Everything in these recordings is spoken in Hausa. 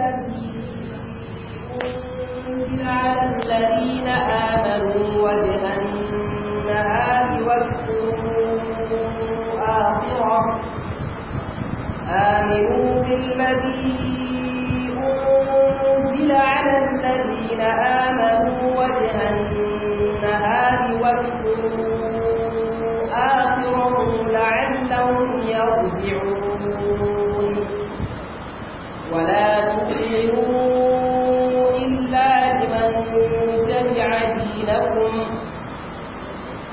أنزل على الذين آمنوا وجه النهار واذكروا آخره آمنوا بالذي أنزل على الذين آمنوا وجه النهار واذكروا آخره لعلهم يرجعون ولا تنتصروا إلا لمن تبع دينكم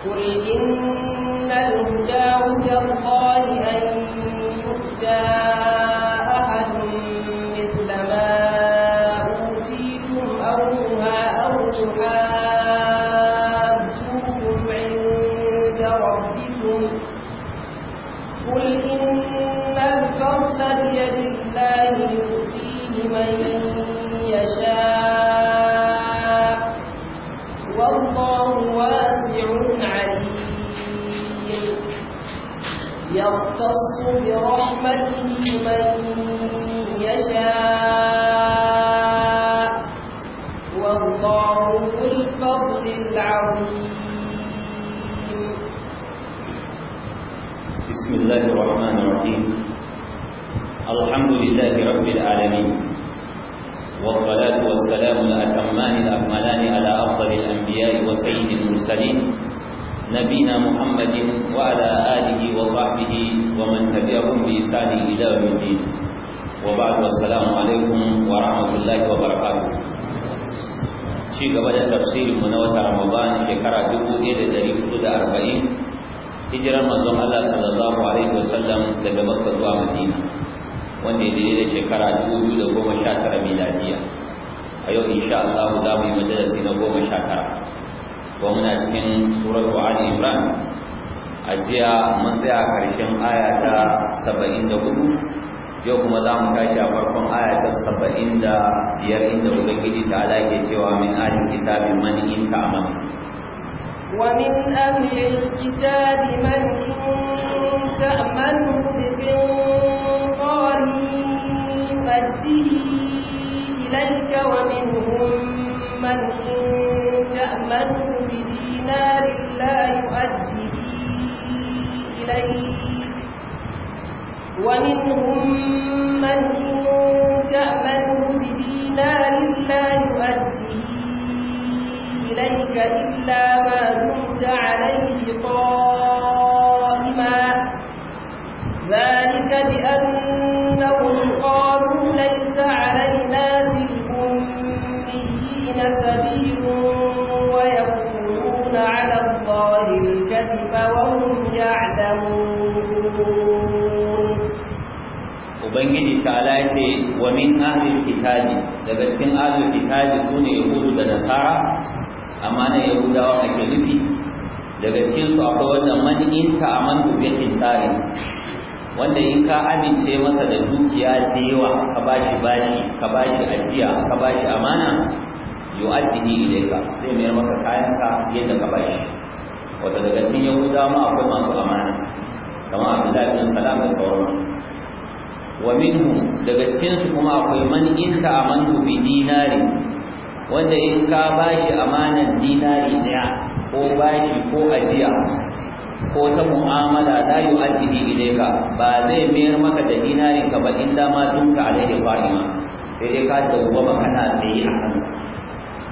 قل إن الهدى هدى الله أن يؤتى المرسلين نبينا محمد وعلى آله وصحبه ومن تبعهم بإحسان إلى يوم وبعد والسلام عليكم ورحمة الله وبركاته ci gaba da tafsirin mu na wata Ramadan shekara 1440 hijirar manzon Allah sallallahu alaihi wasallam daga Makka zuwa Madina wanda ya daidai da shekara 2019 miladiya a yau insha Allah za mu yi majalisi na tara. ko muna cikin surar Ali Imran ajiya mun tsaya karshen aya ta 74 yau kuma za mu tashi a farkon aya ta 75 inda Ubangiji ta ala ke cewa min ahli kitabi man in ta'amana ومن أهل الكتاب من إن تأمنه بقنطار يؤديه إليك ومنهم من إن تأمنه لا يؤدي إليك ومنهم من إن تأمنه بدينار لا يؤدي إليك إلا ما دمت عليه قائما ذلك بأنهم قالوا ليس عليك وهم يعلمون وبنجي ta'ala ce wa min ahlil kitabi daga cikin ahlil kitabi sune yahudu da nasara amma na yahudawa ake nufi daga cikin su akwai wanda man in ka amantu bi kitabi wanda in ka amince masa da dukiya da yawa ka bashi bashi ka bashi ajiya ka bashi amana yu'addihi ilayka sai mai maka ka yadda ka bashi wata daga cikin yahuda ma akwai masu amana kamar abdullahi bin salam da sauran wa minhu daga cikin su kuma akwai man in ka amantu bi dinari wanda in ka bashi amanan dinari daya ko bashi ko ajiya ko ta mu'amala la yu'addihi ilayka ba zai mayar maka da dinarin ka ba inda ma dunka alaihi fa'ima sai dai ka dawwama kana tsaye a kansa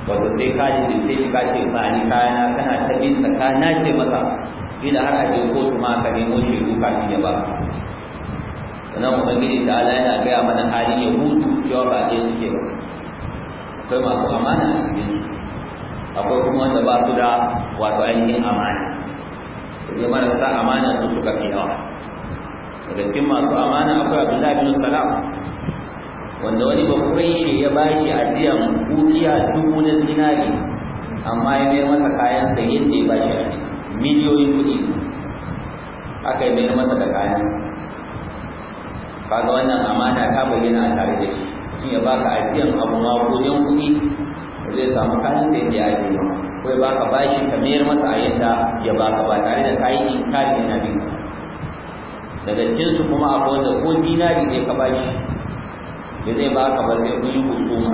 wato sai ka ji sai shi ka ce ba ni kayana kana ta bin na ce maka ila har a je kotu ma ka nemo shi duka ka ya ba sannan gidi ta ala yana gaya mana halin ya hutu cewa ba ke suke ba akwai masu amana a cikin akwai kuma wanda ba su da wato ainihin amana sai marasa amana su suka fi yawa daga cikin masu amana akwai abdullahi bin salam wanda wani bakurin shi ya bashi ajiyan dukiya dubu na zinari amma ya mayar masa kayan da yadda ya bashi a miliyoyin kuɗi aka yi mayar masa da kayan kaga wannan amana ta bayyana a tare da shi shi ya baka ajiyan abu ma goyon kuɗi zai samu kayan sa da ya ajiye ko ya baka bashi ka mayar masa a yadda ya baka ba tare da kayan inkari na bin daga cikinsu kuma akwai wanda ko dinari ne ka bashi da zai baka ba sai yi hukuma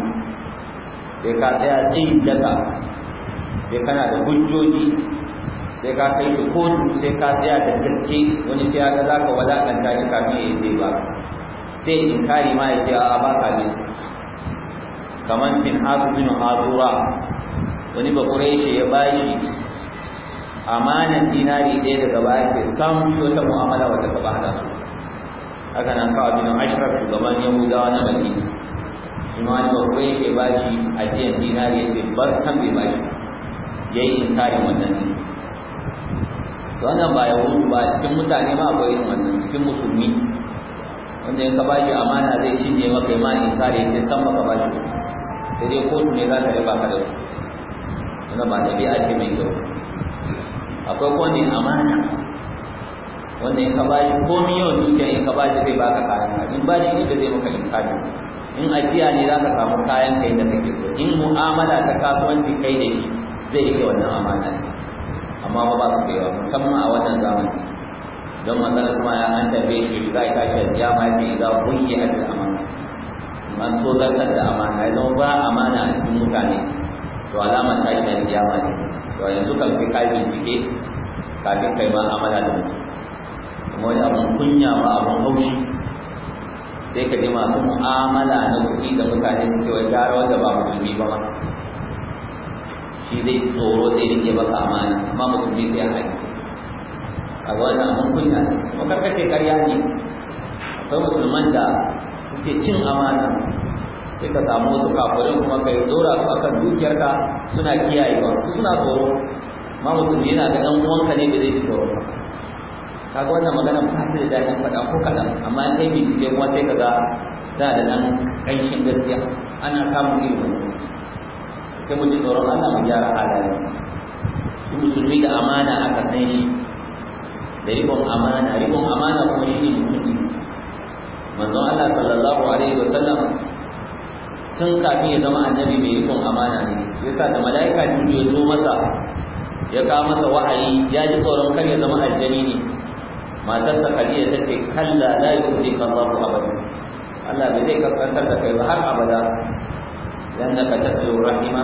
sai ka tsaya tsayin daga sai kana da hujjoji sai ka kai su kotu sai ka tsaya da gaske wani sai ya za ka wadakanta shi kafin ya zai ba sai in kari ma ya ce a ba ka bisa kamar fin hasu bin hazura wani bakure shi ya bashi amanan dinari ɗaya daga baya ke samun wata mu'amala wata gaba da su haka nan ka abin ashraf shugaban yahudawa na madina shi ma wani babban yake ba shi ajiyar dinari ya ce ba san bai ba shi ya yi inkarin wannan ne wannan ba yahudu ba cikin mutane ma akwai irin wannan cikin musulmi wanda in ka ba shi amana zai cinye maka ma inkari ya ce san maka ba shi sai dai kotu ne za ta riba ka da wannan ba ɗabi'a ce mai kyau akwai kwanin amana wanda in ka bashi komi yawan dukiya in ka shi zai baka kayan ka in bashi ne da zai maka inkari in ajiya ne zaka samu kayan kai da kake so in mu'amala ta kasuwanci kai da shi zai rike wannan amana ne amma ba ba su da yawa musamman a wannan zamani don su ma ya an tabe shi shiga ita ce ya ma fi idza a bil amana man so da da amana ya zama ba amana a cikin mutane to alamar shi da kiyama ne to yanzu kan sai ka bincike kafin kai ma amana da mutum wani abin kunya ba abin haushi sai ka ji masu mu'amala na kuɗi da mutane su ce wai gara wanda ba musulmi ba ma shi zai tsoro sai rike baka amana amma musulmi sai a haƙi a wani abin kunya ne kuma karkace karya ne akwai musulman da suke cin amana sai ka samu wasu kafirin kuma kai dora su akan dukiyarka suna kiyayewa su suna tsoro ma musulmi yana da ɗan uwanka ne ba zai ji tsoro ba kaga wannan magana ba ta da daɗin faɗa ko kaɗan amma in kai bincike kuma sai kaga ta da nan ƙanshin gaskiya ana samun irin sai mu ji tsoron Allah mu gyara halaye su musulmi da amana aka san shi da ribon amana ribon amana kuma ne mutum manzon Allah sallallahu alaihi wasallam tun kafin ya zama annabi mai rikon amana ne yasa da mala'ika jibril ya zo masa ya kawo masa wahayi ya ji tsoron kan ya zama aljani ne matar ta khadija ta ce kalla la yuhdika Allahu abada Allah bai zai kaskantar da kai ba har abada لأنك تسلو الرحمة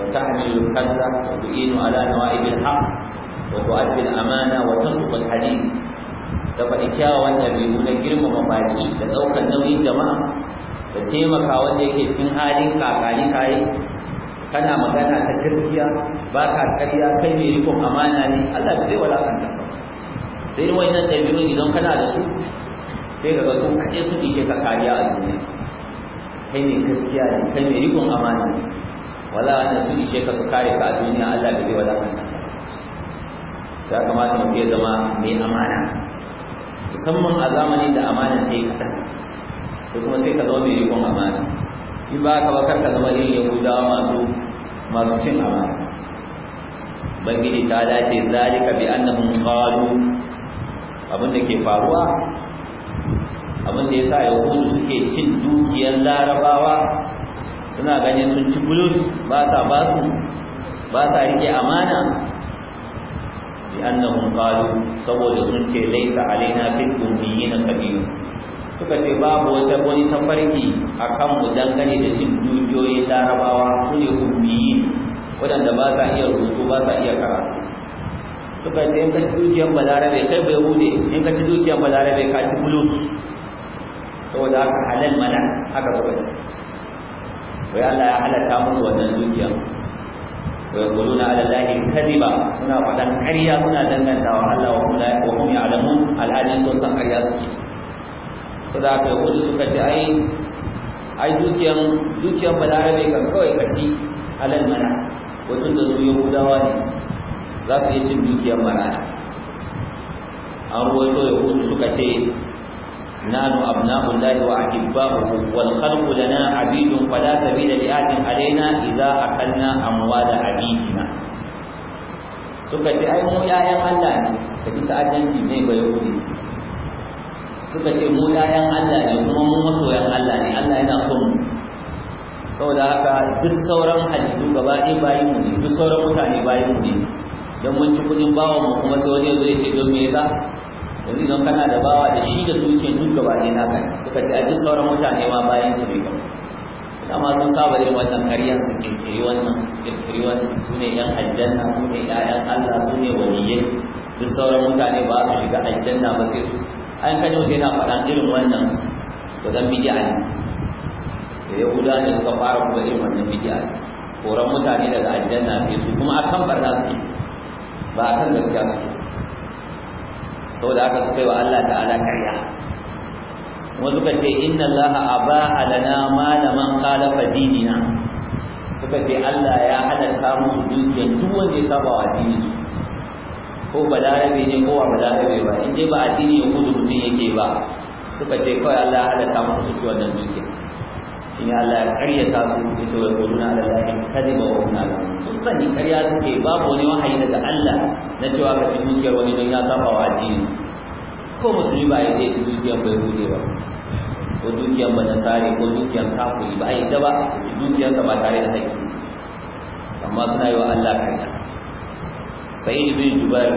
وتحمل الكذا وتعين على نوائب الحق وتؤدي الأمانة وتصدق الحديث da faɗi kyawawan ɗabi'u na girmama baki da ɗaukar nauyin jama'a da taimaka wanda yake cikin halin kakani kayi kana magana ta gaskiya ba ka ƙarya kai mai rikon amana ne Allah bai walakanta ka sai nan wannan ɗabi'un idan kana da su sai ka ga su kaɗai su ishe ka kariya a duniya kai ne gaskiya ne kai ne rikon amana ne wala wanda su ishe ka su kare ka a duniya Allah bai wala ya kamata mu ce zama mai amana musamman a zamanin da amana ta yi kaɗan Sai kuma sai ka zama mai rikon amana in ba ka bakar ka zama irin yahudawa masu masu cin amana ubangiji ta dace zalika bi annahum qalu abin da ke faruwa abin da ya sa yahudu suke cin dukiyar larabawa suna ganin sun ci bulus ba sa ba su ba sa rike amana bi annahum qalu saboda sun ce laisa alaina fil ummiyina sabil suka ce babu wata wani tafarki akan mu dangane da cin dukiyoyin larabawa su ne ummiyin wadanda ba sa iya rubutu ba sa iya karatu suka ce in ka ci dukiyar balarabe kai bai hude in ka ci dukiyar balarabe ka ci bulus saboda haka halal mana haka kuma ce wai Allah ya halatta musu wannan dukiya wai kuluna ala lahi kadiba suna fadan ƙarya suna dangantawa Allah wa kuma wa hum ya'lamun al'adin sun san ƙarya suke saboda haka wani suka ce ai ai dukiyan dukiyan balarabe kan kawai kaci halal mana wajen da su yahudawa ne za su yi cin dukiyar maraya an ruwaito ya hudu suka ce nanu abna'u llahi wa ahibbahu wal khalqu lana abidun fala sabila li atin alaina idza akalna amwala abidina suka ce ai mu yayan Allah ne da kita ajanci ne ba yahudi suka ce mu yayan Allah ne kuma mu masoyan Allah ne Allah yana son mu saboda haka duk sauran halittu gaba ɗaya bayin mu ne duk sauran mutane bayin mu ne don mun ci kudin bawa mu kuma sai wani yanzu ya ce don me yasa yanzu idan kana da bawa da shi da dukiyar duk gaba na naka suka ji a duk sauran mutane ma bayan ki bai gaba dama sun saba irin wannan karyar su kirkiri wannan kirkiri wannan su ne yan aljanna su ne ƴaƴan Allah su ne waliyyai duk sauran mutane ba su shiga aljanna ba sai su an kan yau yana faɗan irin wannan wajen dan bid'a ne da yahuda ne suka fara kuma irin wannan bid'a koran mutane daga aljanna sai su kuma akan barna suke ba a kan gaskiya su sau da aka su kai wa Allah ta'ala karya kuma suka ce inna Allah a ba abaha lana malaman khalafa dinina suka ce Allah ya halarta musu dukiyar duk wanda ya saba wa dini ko rabe ne ko ba da rabe ba in dai ba addini ya kudu mutum yake ba suka ce kawai Allah ya halarta musu su wannan dukiyar shine Allah ya karyata su ita wa yaquluna ala allahi kadhiba wa hum la su sani karya suke babu wani wahayi daga Allah na cewa ka dukiyar wani don ya saba wa addini ko musulmi ba yake je dukiyar bai gode ba ko dukiyar ba nasare ko dukiyar ku ba yi da ba dukiyar ka ba tare da haƙƙi amma suna yi wa Allah karya sai bin jubair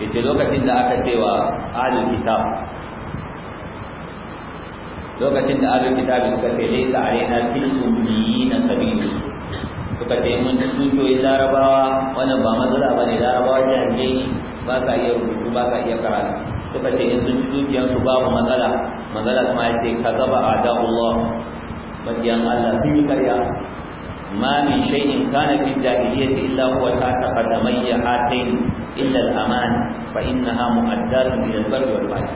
yace lokacin da aka cewa ahlul kitab lokacin da ahlul kitabi suka ce laysa alaina fil ummiyina sabili suka ce mun tutoyi larabawa wannan ba matsala bane larabawa jahilai ba sa iya rubutu ba sa iya karatu suka ce in sun ci babu matsala matsala kuma ya ce ka gaba adabullah mabiyan Allah sun yi karya ما ta شيء كان في الجاهلية aman. Fa تحت قدمي هاتين إلا الأمان فإنها مؤداة إلى البر والبحر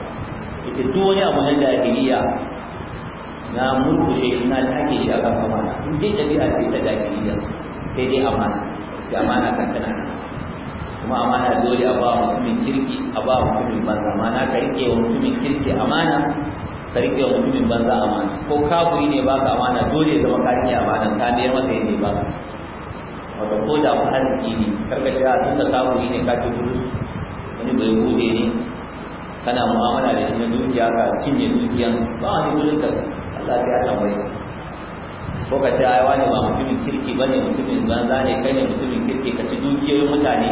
يتدوني أبو الجاهلية na mutu shi na take shi a kan amana in dai ɗabi'a ce ta jahiliya sai dai amana sai amana kan tana kuma amana dole a ba mutumin kirki a ba mutumin banza amana ka rike wa mutumin kirki amana ka rike wa mutumin banza amana ko kafiri ne baka amana dole ya zama rike amana ka biyar masa yadda ba wato ko da ku arziki ne karka shi a tunda kafiri ne ka ci gudu wani bai bude ne kana mu'amala da shi na dukiya ka cinye dukiyan ba wani wurin ka sai a tambaye ko ka ce ai wani ba mutumin kirki bane mutumin banza ne kai ne mutumin kirki ka ci dukiyoyin mutane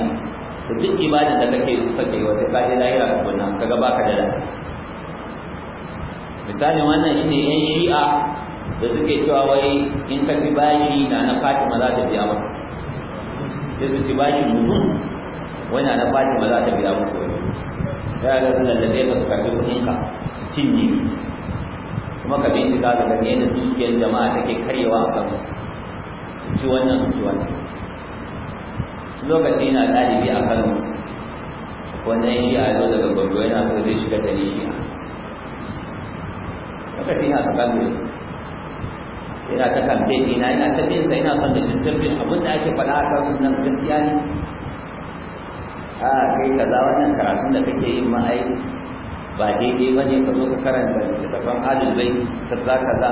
to duk ibadan da kake su kake wa sai ka je lahira ka kunna kaga baka da da misalin wannan shine yan shi'a da suke cewa wai in ka ci bashi na na Fatima za ta biya maka sai su ci bashi mutum wai na na Fatima za ta biya musu wani ya ga sunan da zai ka kafi kuɗinka su cinye kuma ka bincika da gane da dukiyar jama'a ke karyewa a kan ci wannan ci wannan lokaci na ɗalibi a kan ya shi a zo daga gwamnati yana so zai shiga da ni shi a lokaci na sakandare yana ta kamfe dina yana ta nesa yana son da disturbin abinda ake faɗa a kansu nan gaskiya ne a kai kaza wannan karatun da kake yi ma'ai ba daidai ba ne ka zo ka karanta littattafan alibai ta za ka za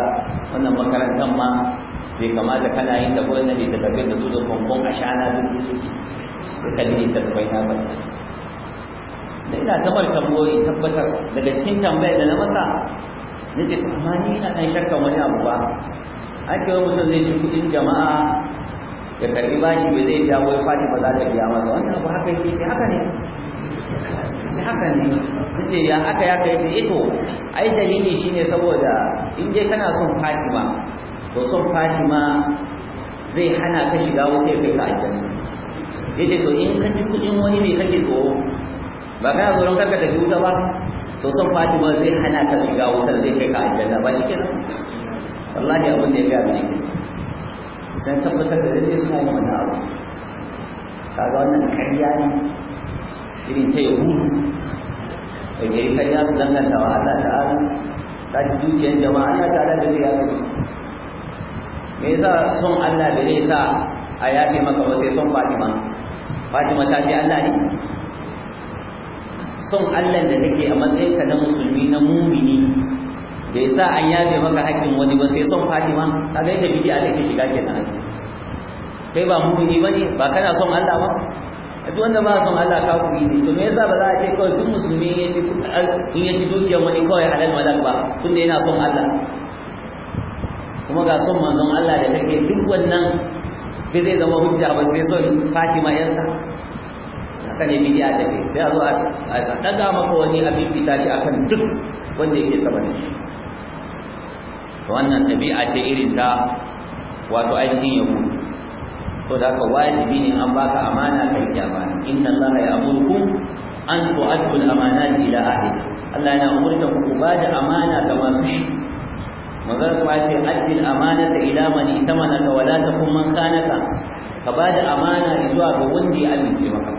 wannan makarantar ma bai kamata kana yin da wannan littattafai da su da kwamfon a shana duk su da kalli littattafai na ba da ina tamar tambayoyi tabbatar daga cikin tambayar da na masa na ce amma ni ina ɗan shakkan wani abu ba an ce wani mutum zai ci kuɗin jama'a ya karɓi bashi bai zai dawo ya fadi ba za ta biya masa wannan abu haka yake sai haka ne sai haka ne nace ya aka ya kai sai ito eh ai dalili shine saboda in dai kana son Fatima to son Fatima zai hana ka shiga wuce kai ka aljanna yace to in ka ci kudin wani ne kake so ba kana tsoron ka tafi wuta ba to son Fatima zai hana ka shiga wutar zai kai ka aljanna ba shi kenan wallahi abin da ya ga ne sai tabbatar da dai suna yin wannan abu kaga wannan kariya ne irin ta da gari kan ya su danganta wa Allah ta'ala ta shi dukiyar jama'a ya sa da ya yasu me yasa son Allah da zai sa a yafe maka wasu son Fatima Fatima ta fi Allah ne son Allah da take a matsayinka na musulmi na mumini bai sa an yafe maka haƙƙin wani ba sai son Fatima ta kaga yadda allah ke shiga kenan kai ba mumini bane ba kana son Allah ba duk wanda ba son Allah kafiri ne to me yasa ba za a ce kawai duk musulmi ya ce in ya ci dukiyar wani kawai halal malak ba tun tunda yana son Allah kuma ga son manzon Allah da take duk wannan bai zai zama hujja ba sai son Fatima yansa haka ne bidiya da ke sai a zo a daga maka wani abin fita shi akan duk wanda yake sama da shi wannan tabi'a ce irin ta wato ainihin yahudi to da ka wajibi ne an baka amana kai ya amana inna allaha ya'murukum an tu'addu al amanat ila ahli Allah yana umurtan ku ba da amana ga masu shi manzon sa ce addil amanata ila man itamanaka wala takum man khanaka ka ba da amana zuwa ga wanda ya amince maka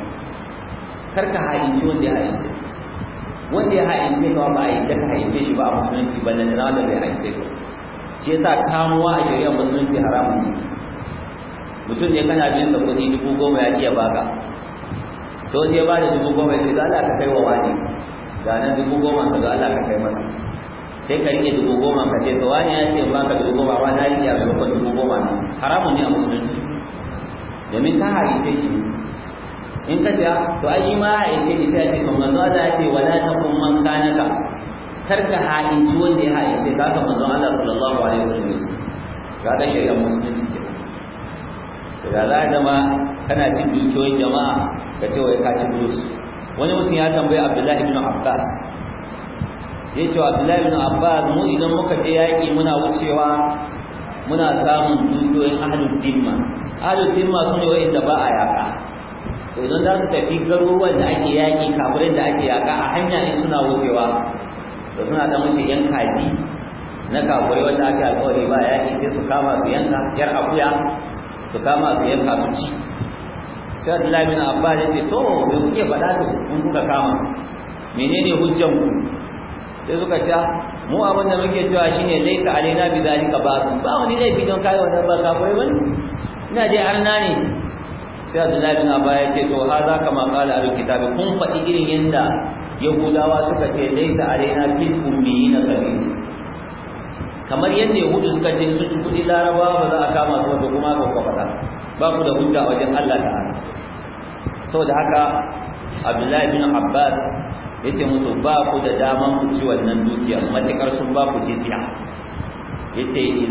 kar ka haince wanda ya haince wanda ya haince ka ba ai da ka haince shi ba a musulunci balle da wanda bai haince ka shi yasa kamuwa a shari'ar musulunci haramun ne mutum ne kana bin sa kudi dubu goma ya iya baka so je ba da dubu goma sai da Allah ka kai wa wani ga nan dubu goma sai da Allah ka kai masa sai ka rike dubu goma ka ce to wani ya ce ba ka dubu goma ba na iya ga ko dubu goma na haramun ne a musulunci domin ka harice ki in ka ce to ai shi ma ya ke ni sai ce kuma manzo Allah ya ce wala takum man kanaka karka ha'inci wanda ya ha'ince ga manzo Allah sallallahu alaihi wasallam shi shari'ar musulunci da za a zama kana cin dukiyoyin jama'a ka ce wai ka ci bulus wani mutum ya tambayi abdullahi ibn abbas ya ce abdullahi ibn abbas mu idan muka je yaƙi muna wucewa muna samun dukiyoyin ahlul dimma ahlul dimma su ne wa'inda ba a yaƙa to idan za su tafi garuruwan da ake yaƙi kafin da ake yaƙa a hanya in suna wucewa da suna ta mace yan kaji na kafirai wanda ake alƙawari ba yaƙi sai su kama su yanka yar akuya su kama su yanka su ci sai Abdullahi bin Abba ya ce to me kuke faɗa da kun kuka kama menene hujjan ku sai suka ce mu abin da muke cewa shine laisa alaina bi zalika su ba wani laifi don kai wannan ba kafai wani? ina je arna ne sai Abdullahi na Abba ya ce to ha za ka ma kala al kitabi kun faɗi irin yanda yahudawa suka ce laisa alaina bi na sabili kamar yadda yahudu suka ce sun ci kuɗi laraba ba za a kama su wata kuma ba ku ba ku da hujja wajen Allah ta'ala saboda haka Abdullahi bin Abbas ya ce musu ba ku da daman ku ci wannan dukiya matakar sun ba ku jizya ce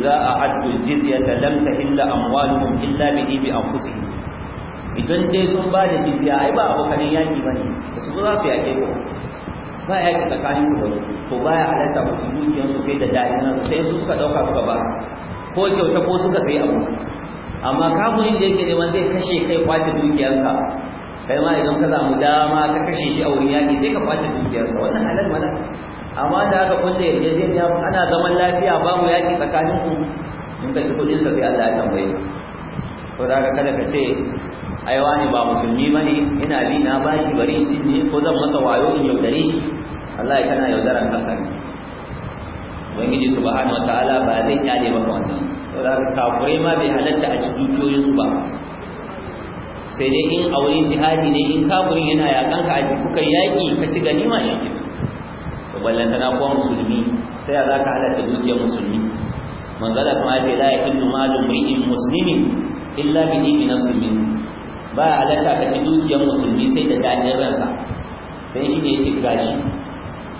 za a jizyata lam tahilla amwaluhum illa bi ibi kusi idan dai sun ba da jizya ai ba abokan yaki bane su za su yake ko ba ya ki tsakanin ku da wasu to ba ya halatta su zuciyar su sai da daɗi na sai su suka ɗauka suka ba ko kyauta ko suka sai abu amma kafirin da yake neman zai kashe kai kwace dukiyarka kai ma idan ka samu dama ka kashe shi a wurin yaƙi sai ka kwace dukiyarsa wannan halal mana amma da haka kun da yarjejeniya ana zaman lafiya ba mu yaƙi tsakanin ku in ka ji kuɗinsa sai Allah ya tambaye ko da kada ka ce ai wani ba musulmi bane ina bi na bashi bari in cinye ko zan masa wayo in yaudare shi ya kana yaudaran kanka ne ubangiji subhanahu wataala ba zai kyale maka wannan saboda kafurai ma bai halatta a cikin dukiyoyinsu ba sai dai in a wurin jihadi ne in kafirin yana ya kanka a cikin kuka yaƙi ka ci ganima shi ke to ballantana kuwa musulmi sai ya zaka halatta dukiyar musulmi manzala Allah sama yace la yahillu malu mri'in muslimin illa bi dini nafsin min ba halatta ka ci dukiyar musulmi sai da dadin ransa sai shi ne ya ce gashi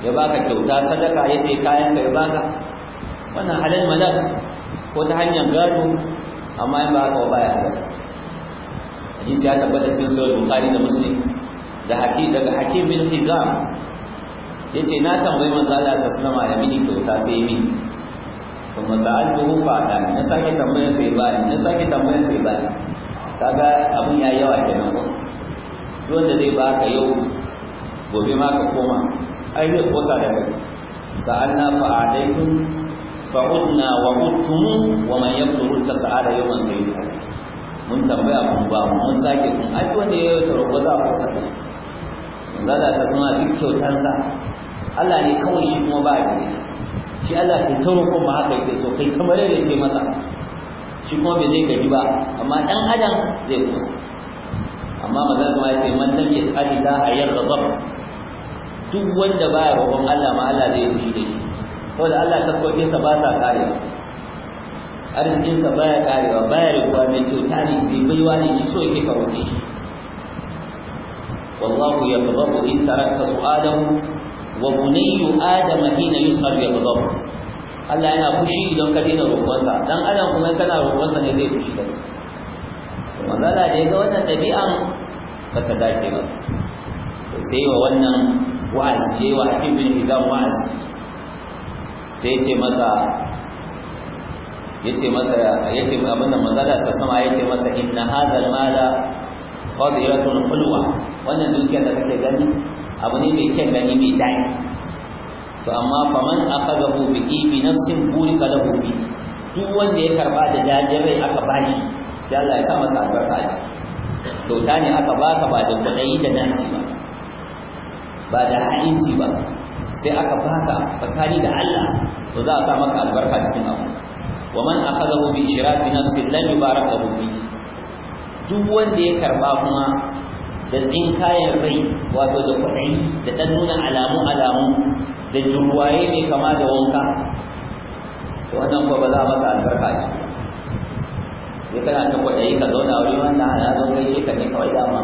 ya baka kyauta sadaka ya sai kayan ka ya baka wannan halal malal ko ta hanyar gado amma in ba ka baya halal hadisi ya tabbata cikin sahih bukhari da muslim da hakim daga hakim bin hizam yace na tambayi manzo Allah sallallahu alaihi wasallam ya mini kyauta sai mini kuma sa'altuhu fa'ala na sake tambayar sai ba na sake tambayar sai ba kaga abun yayi yawa kenan ko wanda zai baka yau gobe ma ka koma ainihin kosa da gari. kai sa'anna fa alaikum fa'udna wa uttum wa man yaqturu ta sa'ada yawman sayyid mun tambaya mun ba mun sake kun ai wanda ya yi roƙo za ku sake za da sa suna duk kyautar sa Allah ne kawai shi kuma ba ya shi Allah ke tsoro ko ba haka yake so kai kamar yadda ce masa shi kuma bai zai gari ba amma dan adam zai kusa amma su ma ya ce man lam yas'ali da ayyar duk wanda baya roƙon Allah ma Allah zai fushi da shi saboda Allah taskokin sa ba ta kare arzikin sa baya karewa baya rubuwa mai kyauta ne bai baiwa ne shi so yake ka roƙe shi wallahu yaqbalu in taraka su'alahu wa bunayyu adama hina yus'al yaqbalu Allah yana fushi idan ka dina roƙonsa dan adam kuma kana roƙonsa ne zai fushi da kai da ya ga wannan ɗabi'an ba ta dace ba sai wa wannan wa'azi yayi wa Habib bin Hizam wa'azi sai yace masa yace masa yace abin da manzala sa sama yace masa inna hadha al-mala qadiratun hulwa wannan dukiyar da kake gani abu ne mai kyan gani mai dai to amma faman akhadahu bi ibi nafsin burika lahu fi duk wanda ya karba da dadin rai aka bashi sai Allah ya sa masa albarka a ciki kyauta ne aka baka ba da kudai da naci ba ba da ha'inci ba sai aka baka tsakani da Allah to za a sa maka albarka cikin abu wa man akhadahu bi ishrafi nafsi lan yubarak lahu fi duk wanda ya karba kuma da tsinkayen rai wato da kwaɗayi da ɗan nuna alamu alamu da jurwaye mai kama da wanka to wannan ko ba za a masa albarka ce sai kana ta kwaɗayi ka zauna wuri wanda ana zo gaishe shi ka ne kawai dama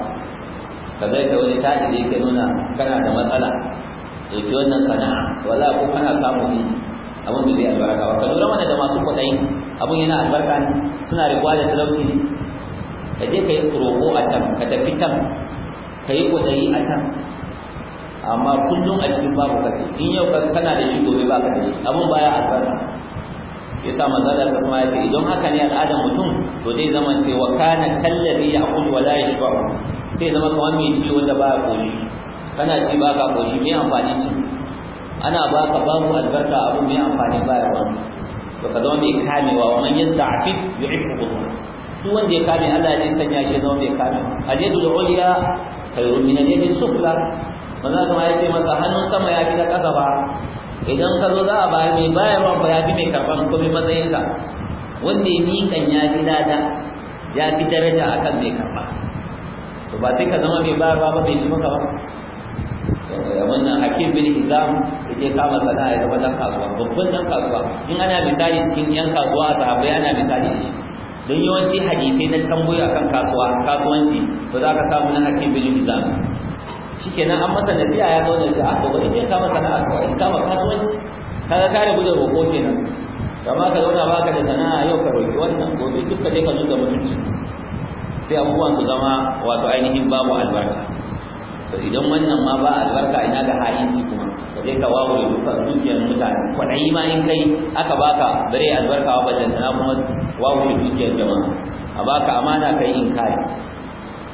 kazai ka wani ta'idi da yake nuna kana da matsala dauki wannan sana'a wala ko kana samu ne abun da zai albarka ba ka lura mana da masu kuɗi abun yana albarka ne suna rikuwa da talauci ne ka je ka yi roƙo a can ka tafi can ka yi kuɗi a can amma kullum a cikin babu kafi in yau ka kana da shi gobe baka da shi abun baya albarka yasa da sa sama ya ce idan haka ne al'adar mutum to dai zama wa kana kallabi ya aqul wala yashba sai zama kamar mai ci wanda ba ya koshi kana ci ba ka koshi mai amfani ci ana ba ka babu albarka abu mai amfani ba ya wani to ka zama mai kamewa wannan yasta afif yu'ifu qudur su wanda ya kame Allah ya sanya shi zama mai kame al-yadu al-ulya khairun min al-yadi sufla manzo sama ya ce masa hannun sama ya fi na ƙasa ba idan ka zo za a bayar mai bayarwa ba ya fi mai karɓar, karɓan komai matsayinsa wanda ya miƙan ya fi lada ya fi daraja akan mai karɓa to ba sai ka zama mai bayarwa ba mai ji maka ba wannan eh, hakim bin hizam yake kama sana'a ya zama dan kasuwa babban dan kasuwa in ana misali cikin yan kasuwa a sahabbai ana misali da shi don yawanci hadisai na tambayi akan kasuwa kasuwanci to za ka samu na hakim bin hizam shikenan an masa nasiha ya zauna ta ah, to ba idan kama masa sana'a kawai in kama kasuwanci kaga ka rabu da roƙo kenan kama ka zauna baka da sana'a yau ka roƙi wannan gobe duka ka ka zuga mutunci sai abubuwan su zama wato ainihin babu albarka to idan wannan ma ba albarka ina ga ha'inci kuma ka je ka wawo dukiyar mutane kwaɗayi ma in kai aka baka bare albarka wa ballantana kuma wawo dukiyar jama'a a baka amana kai in kai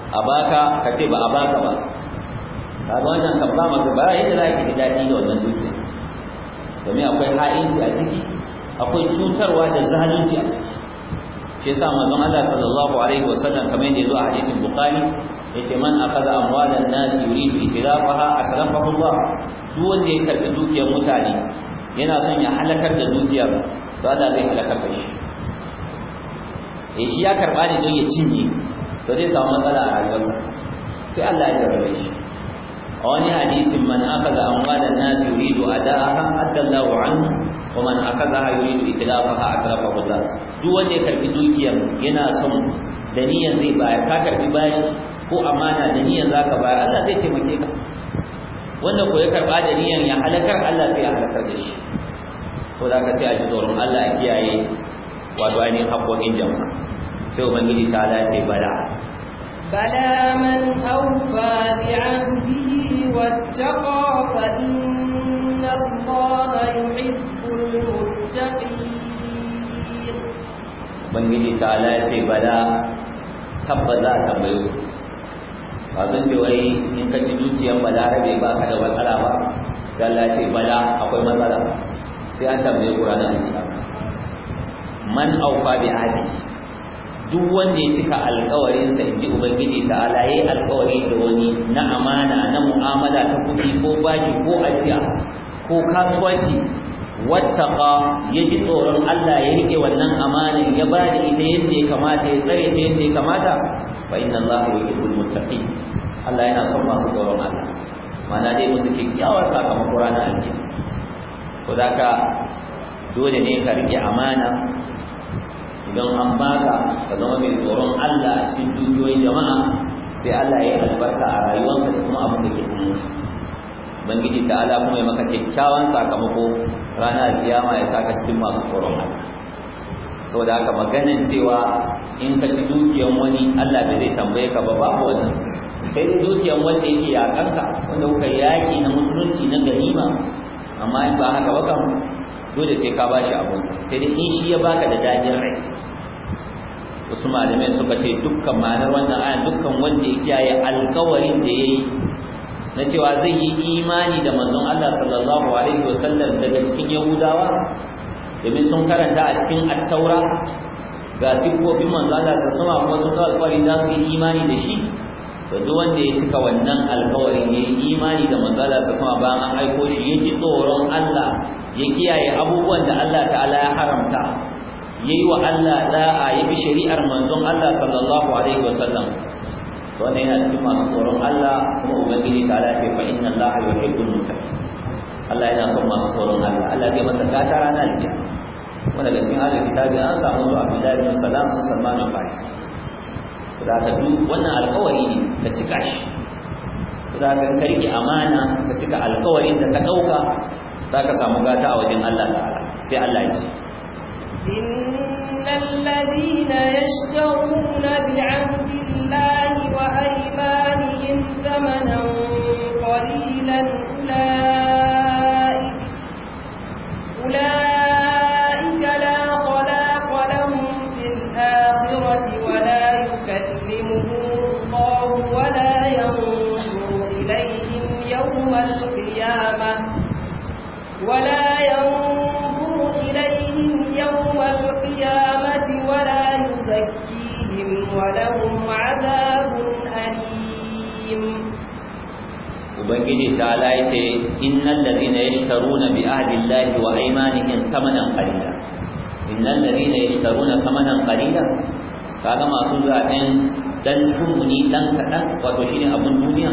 a baka ka ce ba a baka ba ka ga wannan kan ba maka ba yadda za ki ji daɗi da wannan dukiya domin akwai ha'inci a ciki akwai cutarwa da zalunci a ciki shi yasa manzon Allah sallallahu alaihi wasallam kamar yadda yazo a hadisin bukhari yace man akaza amwalan nas yuridu idrafaha akrafahu Allah duk wanda ya karbi dukiyar mutane yana son ya halakar da dukiyar to Allah zai halakar da shi eh shi ya karba ne don ya cinye to zai samu matsala a rayuwarsa sai Allah ya jarrabe shi a wani hadisin man akaza amwalan nas yuridu ada'aha adallahu anhu aka wa man akaza yuridu itlafaha atrafahu Allah duk wanda ya karbi dukiyar yana son da niyyar zai bayar ka karbi bashi ko amana da za ka bayar Allah zai taimake ka wanda ko ya karba da niyyar ya halakar Allah zai halakar da shi so da ka sai a ji tsoron Allah a kiyaye wato ainihin haƙoƙin jama'a sai ubangiji ta dace bala بلى من أوفى بعهده واتقى فإن الله ubangiji ta'ala ya ce bala tabba za a bayo ba zan ce wai in ka ci dukiyan rabe ba ka da matsala ba sai Allah ya ce bala akwai matsala sai an tambaye ku ne man aufa bi ahdi duk wanda ya cika alƙawarin sa inji ubangiji ta'ala yayi alƙawari da wani na amana na mu'amala ta kuɗi ko bashi ko ajiya ko kasuwanci wattaqa yaji tsoron Allah ya rike wannan amanan ya ba da ita yadda ya kamata ya tsare ta yadda ya kamata fa inna Allah yuhibbul muttaqin Allah yana son masu tsoron Allah mana dai musu kyakkyawar sakamakon ranar aljihu to zaka dole ne ka rike amana idan an baka ka zama mai tsoron Allah cikin dukiyoyin jama'a sai Allah ya yi albarka a rayuwarka da kuma abin da ke cikin ubangiji ta ala kuma ya maka kyakkyawan sakamako ranar kiyama ya saka cikin masu tsoron haka saboda haka maganin cewa in ka ci dukiyan wani Allah bai zai tambaye ka ba babu wannan sai da dukiyan wanda yake yakanka wanda kuka yaki na musulunci na ganima amma in ba haka ba dole sai ka bashi abun sai dai in shi ya baka da dajin rai wasu malamai suka ce dukkan ma'anar wannan aya dukkan wanda ya kiyaye alkawarin da ya yi. na cewa zai yi imani da manzon Allah sallallahu alaihi wasallam daga cikin yahudawa domin sun karanta a cikin attaura ga siffofin manzon Allah sallallahu alaihi kuma sun alƙawari za su yi imani da shi to duk wanda ya cika wannan ya yi imani da manzon Allah sallallahu alaihi wasallam ba an aiko shi ya ji tsoron Allah ya kiyaye abubuwan da Allah ta'ala ya haramta yayi wa Allah da'a ya bi shari'ar manzon Allah sallallahu alaihi wasallam to wannan yana cikin masu tsoron Allah Allah yuhibbul muttaqin Allah yana son masu tsoron Allah Allah zai masa gata ranar da wanda da cikin ahlul kitabi an samu su Abdullahi bin Salam su Salman bin Faris sadaka duk wannan alƙawari ne da cika shi sadaka karki amana ka cika alƙawarin da ka dauka zaka samu gata a wajen Allah ta'ala sai Allah ya ce إن الذين يشترون بعهد الله وأيمانهم zamana. قليلا أولئك أولئك لا خلاق لهم في الآخرة ولا يكلمهم الله ولا ينظر إليهم يوم القيامة ولا ينظر إليهم يوم القيامة ولا يزكيهم ولهم عذاب ubangiji ta ala yace innal ladina yashtaruna bi ahdi llahi wa aymanihim thamanan qalila innal ladina yashtaruna thamanan qalila kaga masu zaben dan tumuni dan kadan wato shine abun duniya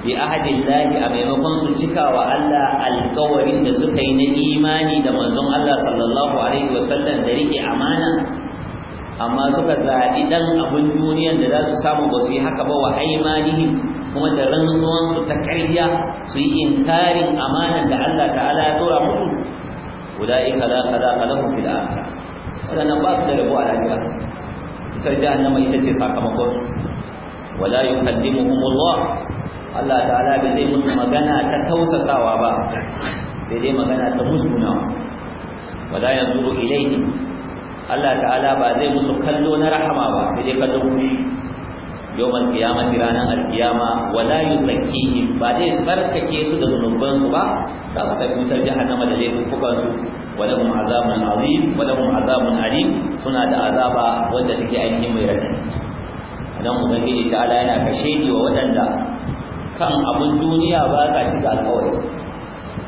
bi ahdi llahi a maimakon su cikawa Allah alƙawarin da suka yi na imani da manzon Allah sallallahu alaihi wasallam da rike amana amma suka zaɓi ɗan abin duniyan da za su samu ba su yi haka ba wa aimanihim kuma da rantsuwan su ta ƙarya su yi inkarin amanan da Allah ta'ala ya tura guda dora musu ulaika la khalaqa fi fil akhirah sannan ba su da rabo a rayuwa ita jahannama ita ce sakamakon su wala yukallimuhum Allah Allah ta'ala bai zai musu magana ta tausasawa ba sai dai magana ta musgunawa wala yanzuru ilayhim Allah ta'ala ba zai musu kallo na rahama ba sai dai kallon fushi yawmal qiyamati ranar alqiyama wala yuzakkihim ba dai barkake su da zunuban su ba za su tafi wutar jahannama da laifin fukan su walahum azabun azim walahum azabun alim suna da azaba wanda take ainihin mai rana dan ubangiji ta ala yana kashe ni wa waɗanda kan abun duniya ba sa cika alƙawari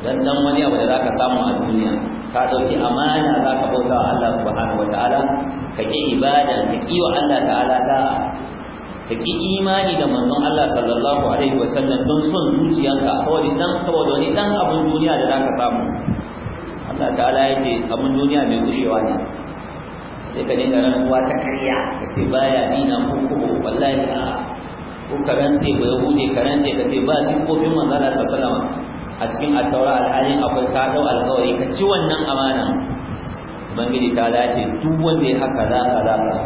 dan dan wani abu da zaka samu a duniya ka dauki amana zaka bauta wa Allah subhanahu wataala ka ki ibada ka ki wa Allah ta'ala da ka ki imani da manzon Allah sallallahu alaihi wasallam don son zuciyanka saboda dan saboda ni dan abun duniya da zaka samu Allah ta'ala ya ce abun duniya mai gushewa ne sai ka dinga uwa ta kariya kace ce baya ni na hukumu wallahi a ko karante ba yahude karante ka ce ba bin manzon Allah sallallahu alaihi wasallam a cikin at al alhalin akwai ka dau alƙawari ka ci wannan amana ubangiji ta dace duk wanda ya haka za ka za ka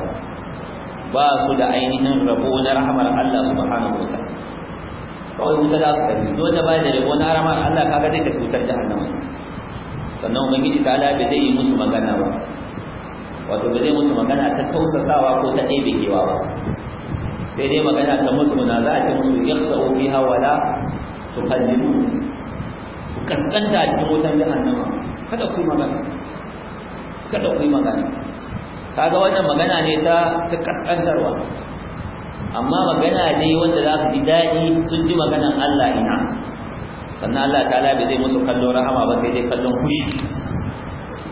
ba su da ainihin rabo na rahamar Allah subhanahu wa ta'ala kawai wuta za su tafi duk wanda bai da rabo na rahamar Allah kaga ta cutar da jahannama sannan ubangiji ta Allah bai zai yi musu magana ba wato bai zai musu magana ta tausasawa ko ta ɗebe kewa ba sai dai magana ta na za ta musu yakhsa'u fiha wala tukallimu kaskanta a cikin wutar jahannama kada ku yi magana kada ku yi magana kaga wannan magana ne ta ta kaskantarwa amma magana ne wanda za su ji daɗi sun ji maganar Allah ina sannan Allah ta bai zai musu kallon rahama ba sai dai kallon kushi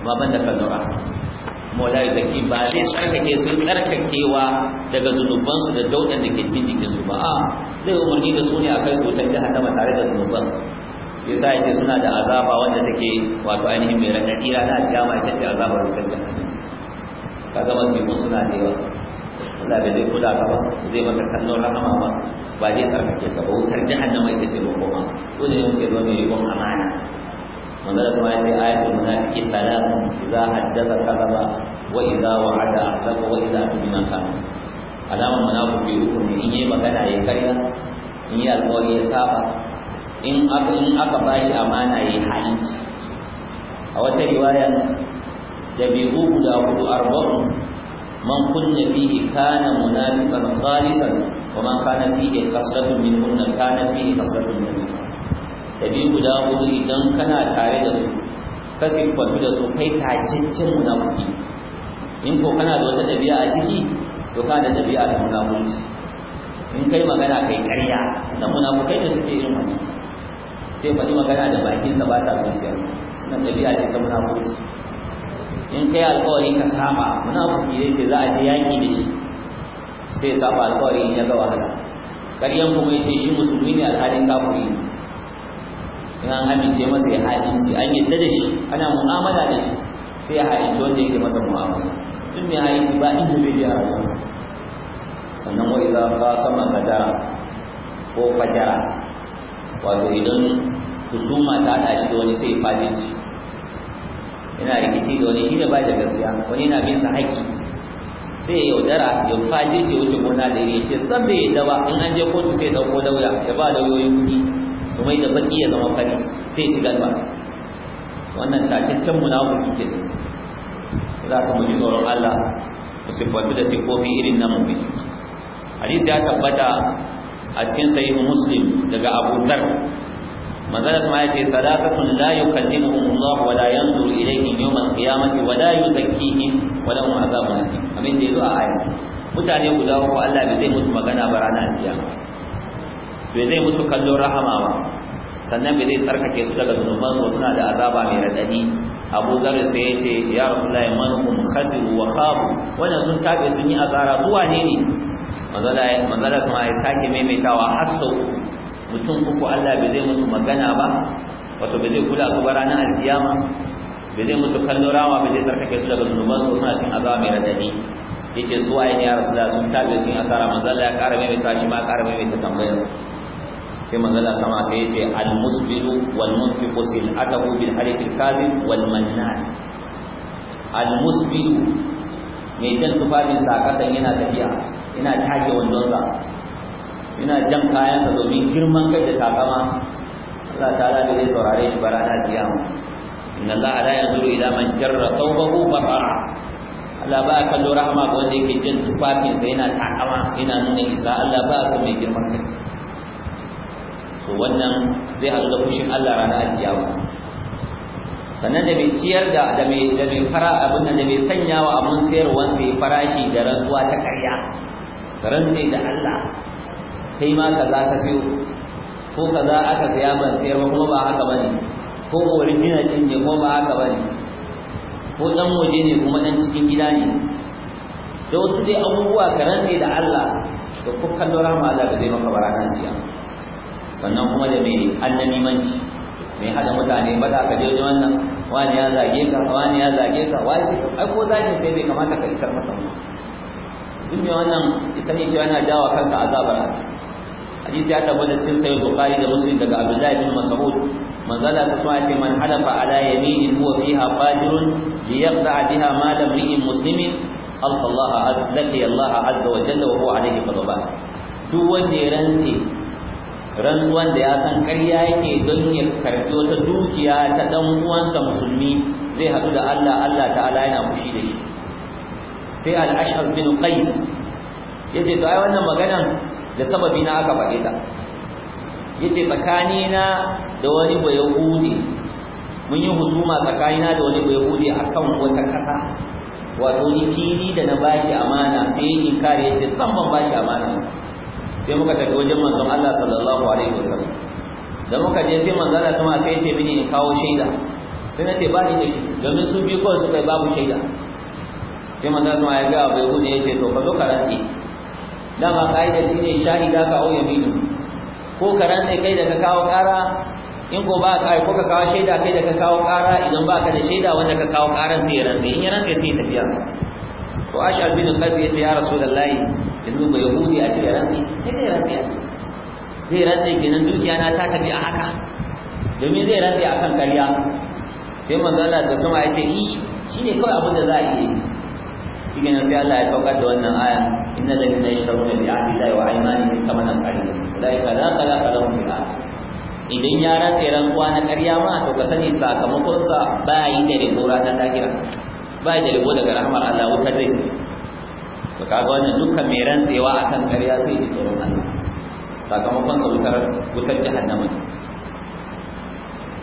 ba ban da kallon rahama mola zaki ba zai tsarkake su tsarkakewa daga zunubansu da daudan da ke cikin jikinsu ba a zai umarni da su ne a kai su wutar jahannama tare da zunuban yasa yace suna da azaba wanda take wato ainihin mai raɗaɗi na kiyama ita ce azabar wutar jahannama ka zama masifin suna da yawa Allah bai zai kula ka ba zai maka kallon rahama ba ba zai tsarkake ka ba wutar mai ita ba kuma. ko ne ke zo mai rikon amana wanda da sama yace ayatul munafiqin thalathun za haddatha kadhaba wa idza wa'ada akhlafa wa idza tumina kana alaman munafiki uku ne in yi magana ya karya in yi alƙawari ya saba in aka bashi amana ya yi hanci a wata riwaya dabi'u guda hudu arba'un man kunna fihi kana munafiqan khalisan wa man kana fihi qasdatun min kunna kana fihi qasdatun min dabi'u guda hudu idan kana tare da su ka siffatu da su kai tajincin munafiki in ko kana da wata dabi'a a ciki to kana da dabi'a ta kai magana kai ƙarya da munafukai da suke irin wannan sai faɗi magana da bakin sa ba ta zuciya nan dabi'a ce ta in kai alƙawari ka saba munafiki yi ce za a je yaki da shi sai saba alƙawari ya ga wahala ƙaryan kuma yi shi musulmi ne alhalin kafiri ne in an amince masa ya shi an yadda da shi ana mu'amala da shi sai ya don da yake masa mu'amala tun mai haɗinci ba inda bai biya rayuwarsa sannan wa idza qasama qadara ko fajara wato idan kusuma ta haɗa shi da wani sai ya shi. yana rikici da wani shine bai da gaskiya wani yana bin sa haƙi sai ya yaudara ya fajirce wuce gona da yake ce sabbe da ba in an je kotu sai ya ɗauko lauya ya ba lauyoyin kuɗi su mai da baki ya zama fari sai ya ci galba wannan ta takaccen munafiki ke za ka mu ji tsoron Allah ku siffatu da siffofi irin na mu'min hadisi ya tabbata a cikin sahihu muslim daga Abu zar manzon sama ya ce sadatatun la yukallimuhum Allah wa la yanzuru ilayhim yawm al-qiyamati wa la yuzakkihim wa lahum azabun alim abin da yazo a aya mutane guda uku Allah bai zai musu magana ba ranar kiyama bai zai musu kallon rahama ba sannan bai zai tsarkake su daga zunuban su suna da azaba mai radadi Abu Dharr sai ya ce ya Rasulullahi man hum khasiru wa khabu wannan sun tabe sun yi azara zuwa ne ne manzala manzala sama ya sake maimaitawa har sau mutum uku Allah bai zai musu magana ba wato bai zai kula su ba ranar alkiyama bai zai musu kallon rawa bai zai tsarkake su daga zunuban su suna cin azaba mai radadi yace su waye ne ya rasulullah sun tabe sun asara manzo Allah ya ƙara mai tashi ma ƙara mai ta tambayar sai manzo Allah sama sai yace al musbilu wal munfiqu sil'atahu bil harif al kadhib wal mannan al musbilu mai dan tufafin sakatan yana tafiya yana tage wandon sa Ina jan kayansa domin girman kai da takama Allah ta'ala da zai saurare shi barana kiyama inna Allah la yanzuru ila man jarra thawbahu batara Allah ba ka lura rahama ga wanda yake jin tufafin sa yana takama yana nuna isa Allah ba sa mai girman kai to wannan zai haɗu da fushin Allah rana kiyama sannan da mai ciyar da da mai da mai fara abin da mai sanyawa abun sayarwa sai farashi da rantsuwa ta ƙarya rantsi da Allah kai ma kaza ka siyo ko kaza aka saya ban sayar ba kuma ba haka bane ko original din ne kuma ba haka bane ko dan waje ne kuma dan cikin gida ne da wasu dai abubuwa karan ne da Allah da ku kallon rama Allah da zai maka baraka siya sannan kuma da mai manci mai hada mutane ba za ka je wajen wannan wani ya zage ka wani ya zage ka wai ai ko zagin sai bai kamata ka isar masa duk mai wannan isa ne cewa yana dawa kansa azabar hadisi ya tabbata cikin sahih bukhari da muslim daga abdullahi bin mas'ud manzala sa sun ce man halafa ala yaminin huwa fiha fajirun liyaqda biha ma lam ri'in muslimin Allah azza Allah azza wa jalla wa huwa alayhi ghadaban duk wanda ya rantsi rantsuwan da ya san ƙarya yake don ya karbi wata dukiya ta dan uwansa musulmi zai haɗu da Allah Allah ta'ala yana fushi da shi sai al-ash'ar bin qais yace to ai wannan maganan da sababi na aka faɗe ta yace tsakanina da wani bayahudi mun yi husuma tsakanina da wani bayahudi akan wata kasa wato ni fili da na bashi amana sai in kare yace san ban bashi amana sai muka tafi wajen manzon Allah sallallahu alaihi wasallam da muka je sai manzon Allah sama sai yace mini in kawo shaida sai nace ba ni da shi domin su biyu kawai suka babu shaida sai manzon Allah ya ga bayahudi yace to ka zo ka rantsi dama ka'idar shine shahida ka au yaminu ko karan ne kai da ka kawo ƙara in ko ba kai ko ka kawo shaida kai da ka kawo ƙara idan ba ka da shaida wanda ka kawo ƙaran sai ya rantsa in ya rantsa sai tafiya to ashar bin qazi ya ya rasulullahi yanzu ba yahudi a ce ya rantsa sai ya sai zai ke kenan dukiya na ta tafi a haka domin zai rantsa akan kariya sai manzo Allah sai sama ya ce i shine kawai abin da za a yi shi ne sai Allah ya saukar da wannan aya inna ladina yashtaruna bi ahdi Allah wa aymanihim thamanan qalila ulaika la khalaqa lahum fil idan ya ran kuwa na ƙarya ma to ka sani sakamakon sa ba yi da ribo ranar lahira ba yi da ribo daga rahmar Allah wuta zai to kaga wannan dukkan mai rantsewa akan ƙarya sai ji tsoron Allah sakamakon sa wutar wutar jahannama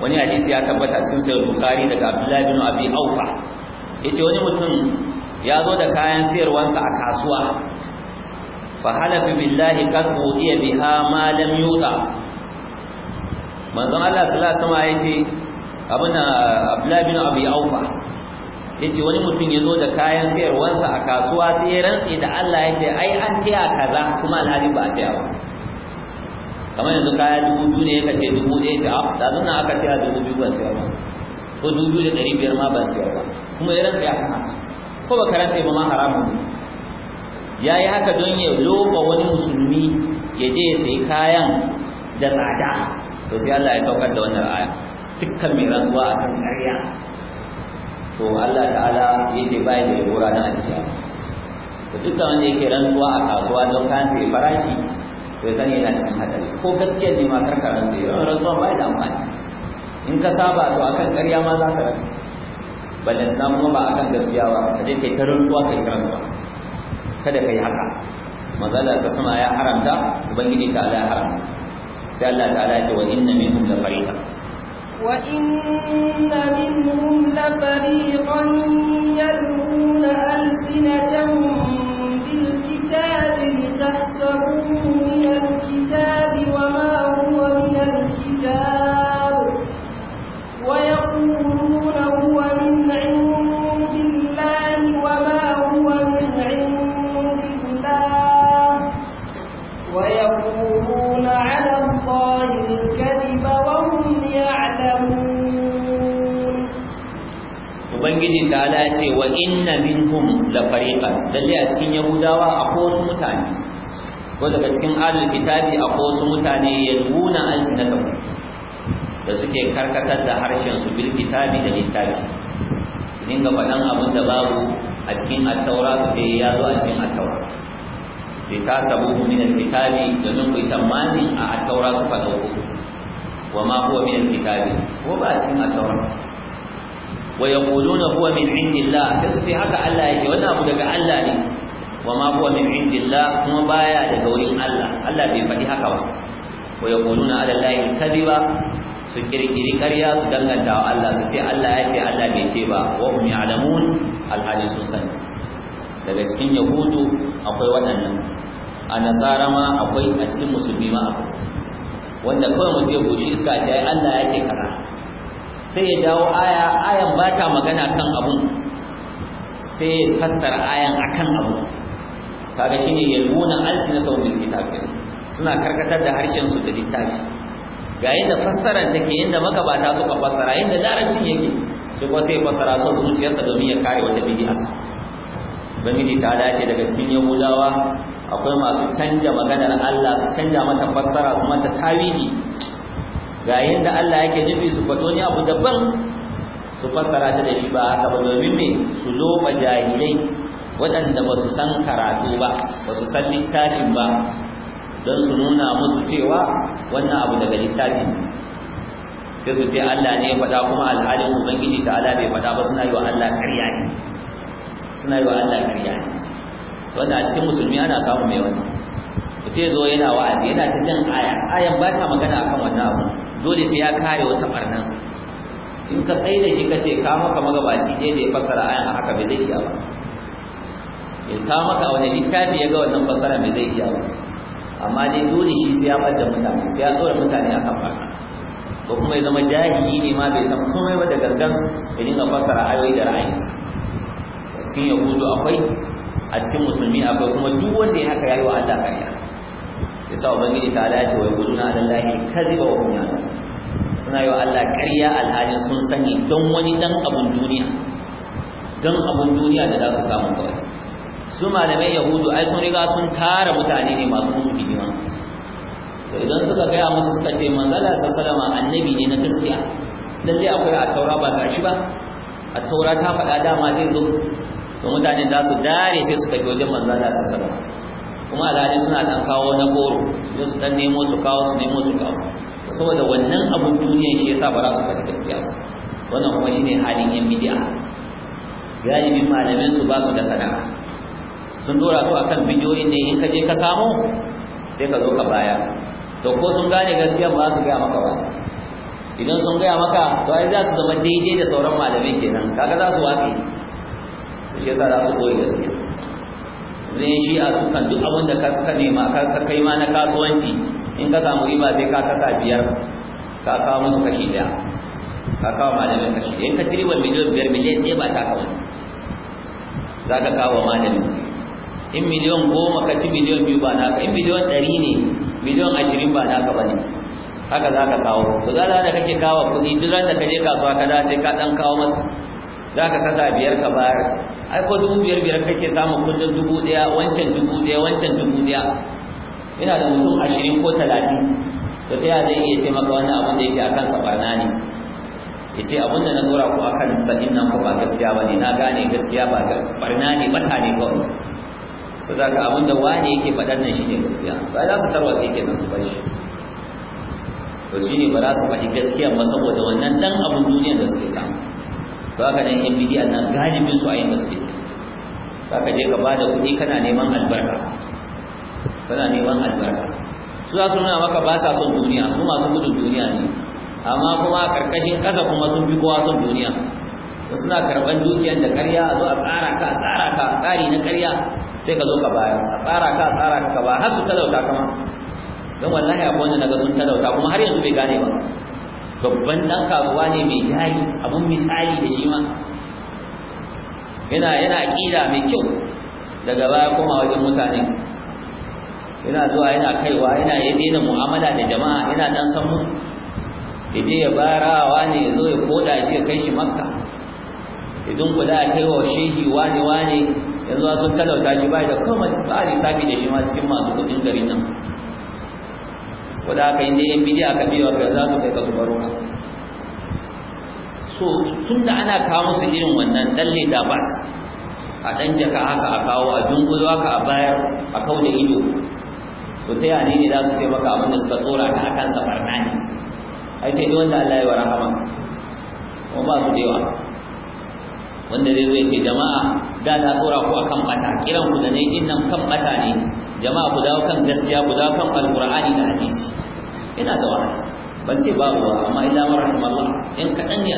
wani hadisi ya tabbata sun sai bukhari daga abdullahi bin abi aufa yace wani mutum ya zo da kayan siyarwansa a kasuwa fa halafi billahi kad udiya biha ma lam yuda manzon Allah sallallahu alaihi wasallam yace abuna Abdullah bin Abi Aufa yace wani mutum ya zo da kayan siyarwansa a kasuwa sai ya rantsi da Allah yace ai an tiya kaza kuma alhali ba a taya ba kamar yanzu kaya dubu biyu ne ya kace dubu ɗaya ce a ah, da zuna aka taya dubu biyu ba sayar ba ko dubu biyu da ɗari biyar ma ba sayar ba kuma ya rantsi a kan ko ba ka ba ma haramun ya yi haka don ya loba wani musulmi ya je ya sayi kayan da tsada to sai Allah ya saukar da wannan aya dukkan mai rantsuwa a kan ƙarya to Allah ta'ala ya ce bai da yabo na alkiya to dukkan wanda yake rantsuwa a kasuwa don kayan sai faraki to ya sani yana cikin hadari ko gaskiya ne ma karka rantsuwa rantsuwa bai da amfani in ka saba to akan ƙarya ma za ka rantsuwa balin na kuma ba akan gaskiya ba kaje kai tarin ruwa kai tarin ruwa kada kai haka mazala sa sama ya haramta ubangiji ta Allah ya haramta sai Allah ta ta'ala ya ce wa inna minhum la fariqa wa inna minhum la fariqan yaluna alsinatahum ta'ala ya ce wa inna minkum la fariqa dalle a cikin yahudawa akwai wasu mutane ko daga cikin ahlul kitabi akwai wasu mutane yalbuna an sinatakum da suke karkatar da harshen su bil kitabi da littafi su dinga faɗan abin da babu a cikin attaura su ke ya zo a cikin attaura sai ta sabu min al-kitabi mun ku tamani a attaura su fa ku wa ma huwa min al-kitabi ko ba a cikin attaura wa yaquluna huwa min sai su ce haka Allah yake wannan abu daga Allah ne wa ma huwa min indillah kuma baya daga wurin Allah Allah bai faɗi haka ba wa yaquluna ala allahi kadhiba su kirkiri ƙarya su danganta wa Allah su ce Allah ya ce Allah bai ce ba wa hum ya'lamun alhali sun daga cikin yahudu akwai waɗannan a nasara ma akwai a cikin musulmi ma wanda kawai mu je bushi iska ce ai Allah ya ce kaza sai ya dawo aya ayan ba ta magana kan abun sai ya fassara ayan akan abun kaga shine yalmuna alsinatahum bil kitabi suna karkatar da harshen su da littafi ga yadda fassarar take yadda magabata suka fassara yadda larabcin yake shi ko sai fassara sau da zuciyarsa domin ya kare wata bid'arsa ubangiji ta dace daga cikin yahudawa akwai masu canja maganar Allah su canja mata fassara su mata tawili ga yanda Allah yake nufi su fato ne abu daban su fassara ta da shi ba haka ba domin me su loma jahilai waɗanda ba su san karatu ba ba su san littafin ba don su nuna musu cewa wannan abu daga littafin sai su ce Allah ne ya faɗa kuma alhalin ubangiji ta ala bai faɗa ba suna yi wa Allah karya ne suna yi wa Allah karya ne wanda a cikin musulmi ana samu mai wani ku ce zo yana wa'azi yana ta jan aya ayan ba ta magana akan wannan abu dole sai ya kare wata barnan in ka tsaye da shi ka ce ka maka magabaci dai da ya fassara ayan a haka bai zai iya ba in ka maka wani littafi ya ga wannan fassara bai zai iya ba amma dai dole shi sai ya da mutane sai ya tsora mutane a kan barna ko kuma ya zama jahili ne ma bai san komai ba da gangan ya dinga fassara ayoyi da ra'ayi cikin yahudu akwai a cikin musulmi akwai kuma duk wanda ya haka yayi wa Allah kariya yasa ubangiji ta ala ce wa yaquluna ala allahi kadhiba wa kunya suna yi wa Allah ƙarya alhalin sun sani don wani dan abun duniya dan abun duniya da za su samu kawai su malamai yahudu ai sun riga sun tara mutane ne masu mutu iman to idan suka gaya musu suka ce manzala sallama annabi ne na gaskiya dai akwai a taura ba gashi ba a taura ta faɗa dama zai zo to mutane za su dare sai su tafi wajen manzala sallama kuma alhali suna dan kawo na goro da su dan nemo su kawo su nemo su kawo saboda wannan abun duniyan shi yasa ba za su faɗi gaskiya ba wannan kuma shine halin yan bid'a galibin malamin su ba su da sana'a sun dora su akan bidiyoyin ne in ka je ka samu sai ka zo ka baya to ko sun gane gaskiya ba su gaya maka ba idan sun gaya maka to ai za su zama daidai da sauran malamai kenan kaga za su wafi shi yasa za su koyi gaskiya zai shi a dukkan duk abin da ka suka nema ka kai ma na kasuwanci in ka samu riba sai ka kasa biyar ka kawo musu kashi daya ka kawo malamin kashi in ka ci riban miliyan biyar miliyan ɗaya ba ta kawo za ka kawo malamin in miliyan goma ka ci miliyan biyu ba naka in miliyan ɗari ne miliyan ashirin ba naka ba ne haka za ka kawo to za da kake kawo kuɗi duk da ka je kasuwa ka da sai ka ɗan kawo masa za ka kasa biyar ka bayar ai ko dubu biyar biyar kake samun kullum dubu daya wancan dubu daya wancan dubu daya yana da mutum ashirin ko talatin to ta yaya zai iya ce maka wannan abin da yake a kansa ne ya ce abin da na dora ku akan kan nan ko ba gaskiya ba ne na gane gaskiya ba barna ne bata ne ko su za ka abin da wane yake faɗar nan shi ne gaskiya ba za su tarwatsa yake nan su bari shi to shi ne ba za su faɗi gaskiya ba saboda wannan ɗan abin duniyar da suke samu ba ka dan yan bidiyan nan galibin su a yin suke za ka je ka bada kudi kana neman albarka kana neman albarka su za su nuna maka ba sa son duniya su masu gudun duniya ne amma kuma karkashin ƙasa kuma sun fi kowa son duniya wasu na karɓar dukiyar da ƙarya a zo a tsara ka tsara ka tsari na ƙarya sai ka zo ka bayar a tsara ka tsara ka ba har su talauta kama don wallahi akwai wanda ga sun talauta kuma har yanzu bai gane ba babban dan kasuwa ne mai jari abun misali da shi ma yana yana kira mai kyau daga baya kuma wajen mutane yana zuwa yana kaiwa yana ya daina mu'amala da jama'a yana dan san mu ya je ya barawa ne ya zo ya koda shi ya kai shi makka idan kula a kai wa shehi wani wani yanzu sun talauta shi bai da kuma ba a lissafi da shi ma cikin masu kudin garin nan wanda aka yi ɗayan bidi aka ka biya ka za su kai ka baro na so da ana kawo musu irin wannan dan da ba a dan jaka haka a kawo a dungulo haka a bayar a kauna ido to ta yi ne za su kai maka abin da suka tsora ta akan sa na ne ai sai dai wanda Allah ya warhama ko ba su da yawa wanda zai zai ce jama'a da na tsora ku akan bata kiran ku da ne din nan kan bata ne jama'a ku dawo kan gaskiya ku dawo kan alqur'ani da hadisi ina da wahala ban ce babu wa amma mara kuma ba in kaɗan ne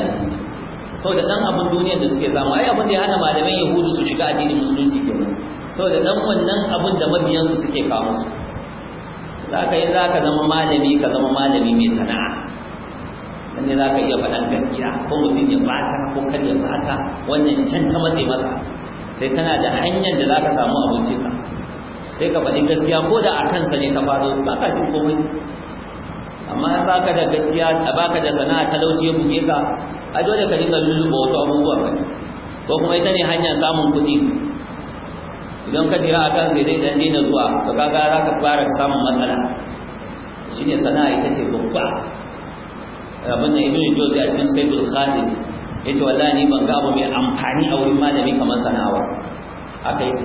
saboda dan abun duniyar da suke samu ai abun da ya hana malaman yahudu su shiga addinin musulunci ke kenan saboda dan wannan abun da mabiyansu suke kawo musu za ka yi za ka zama malami ka zama malami mai sana'a dan ne za ka iya faɗan gaskiya ko mutum ya bata ko kan ya bata wannan can ta matse masa sai kana da hanyar da za ka samu abincinka sai ka faɗi gaskiya ko da a kansa ne ka faɗo ba ka jin komai amma in baka da gaskiya a baka da sana'a talauci ya buge ka a dole ka dinga lulluɓa wasu abubuwa ba ko kuma ita ne hanyar samun kuɗi idan ka jira akan zai dai dan daina zuwa to kaga za ka fara samun matsala shine sana'a ita ce babba abin da ibnu jozi a cikin sayyidul khadim yace wallahi ni ban ga abu mai amfani a wurin malami kamar sana'a aka yi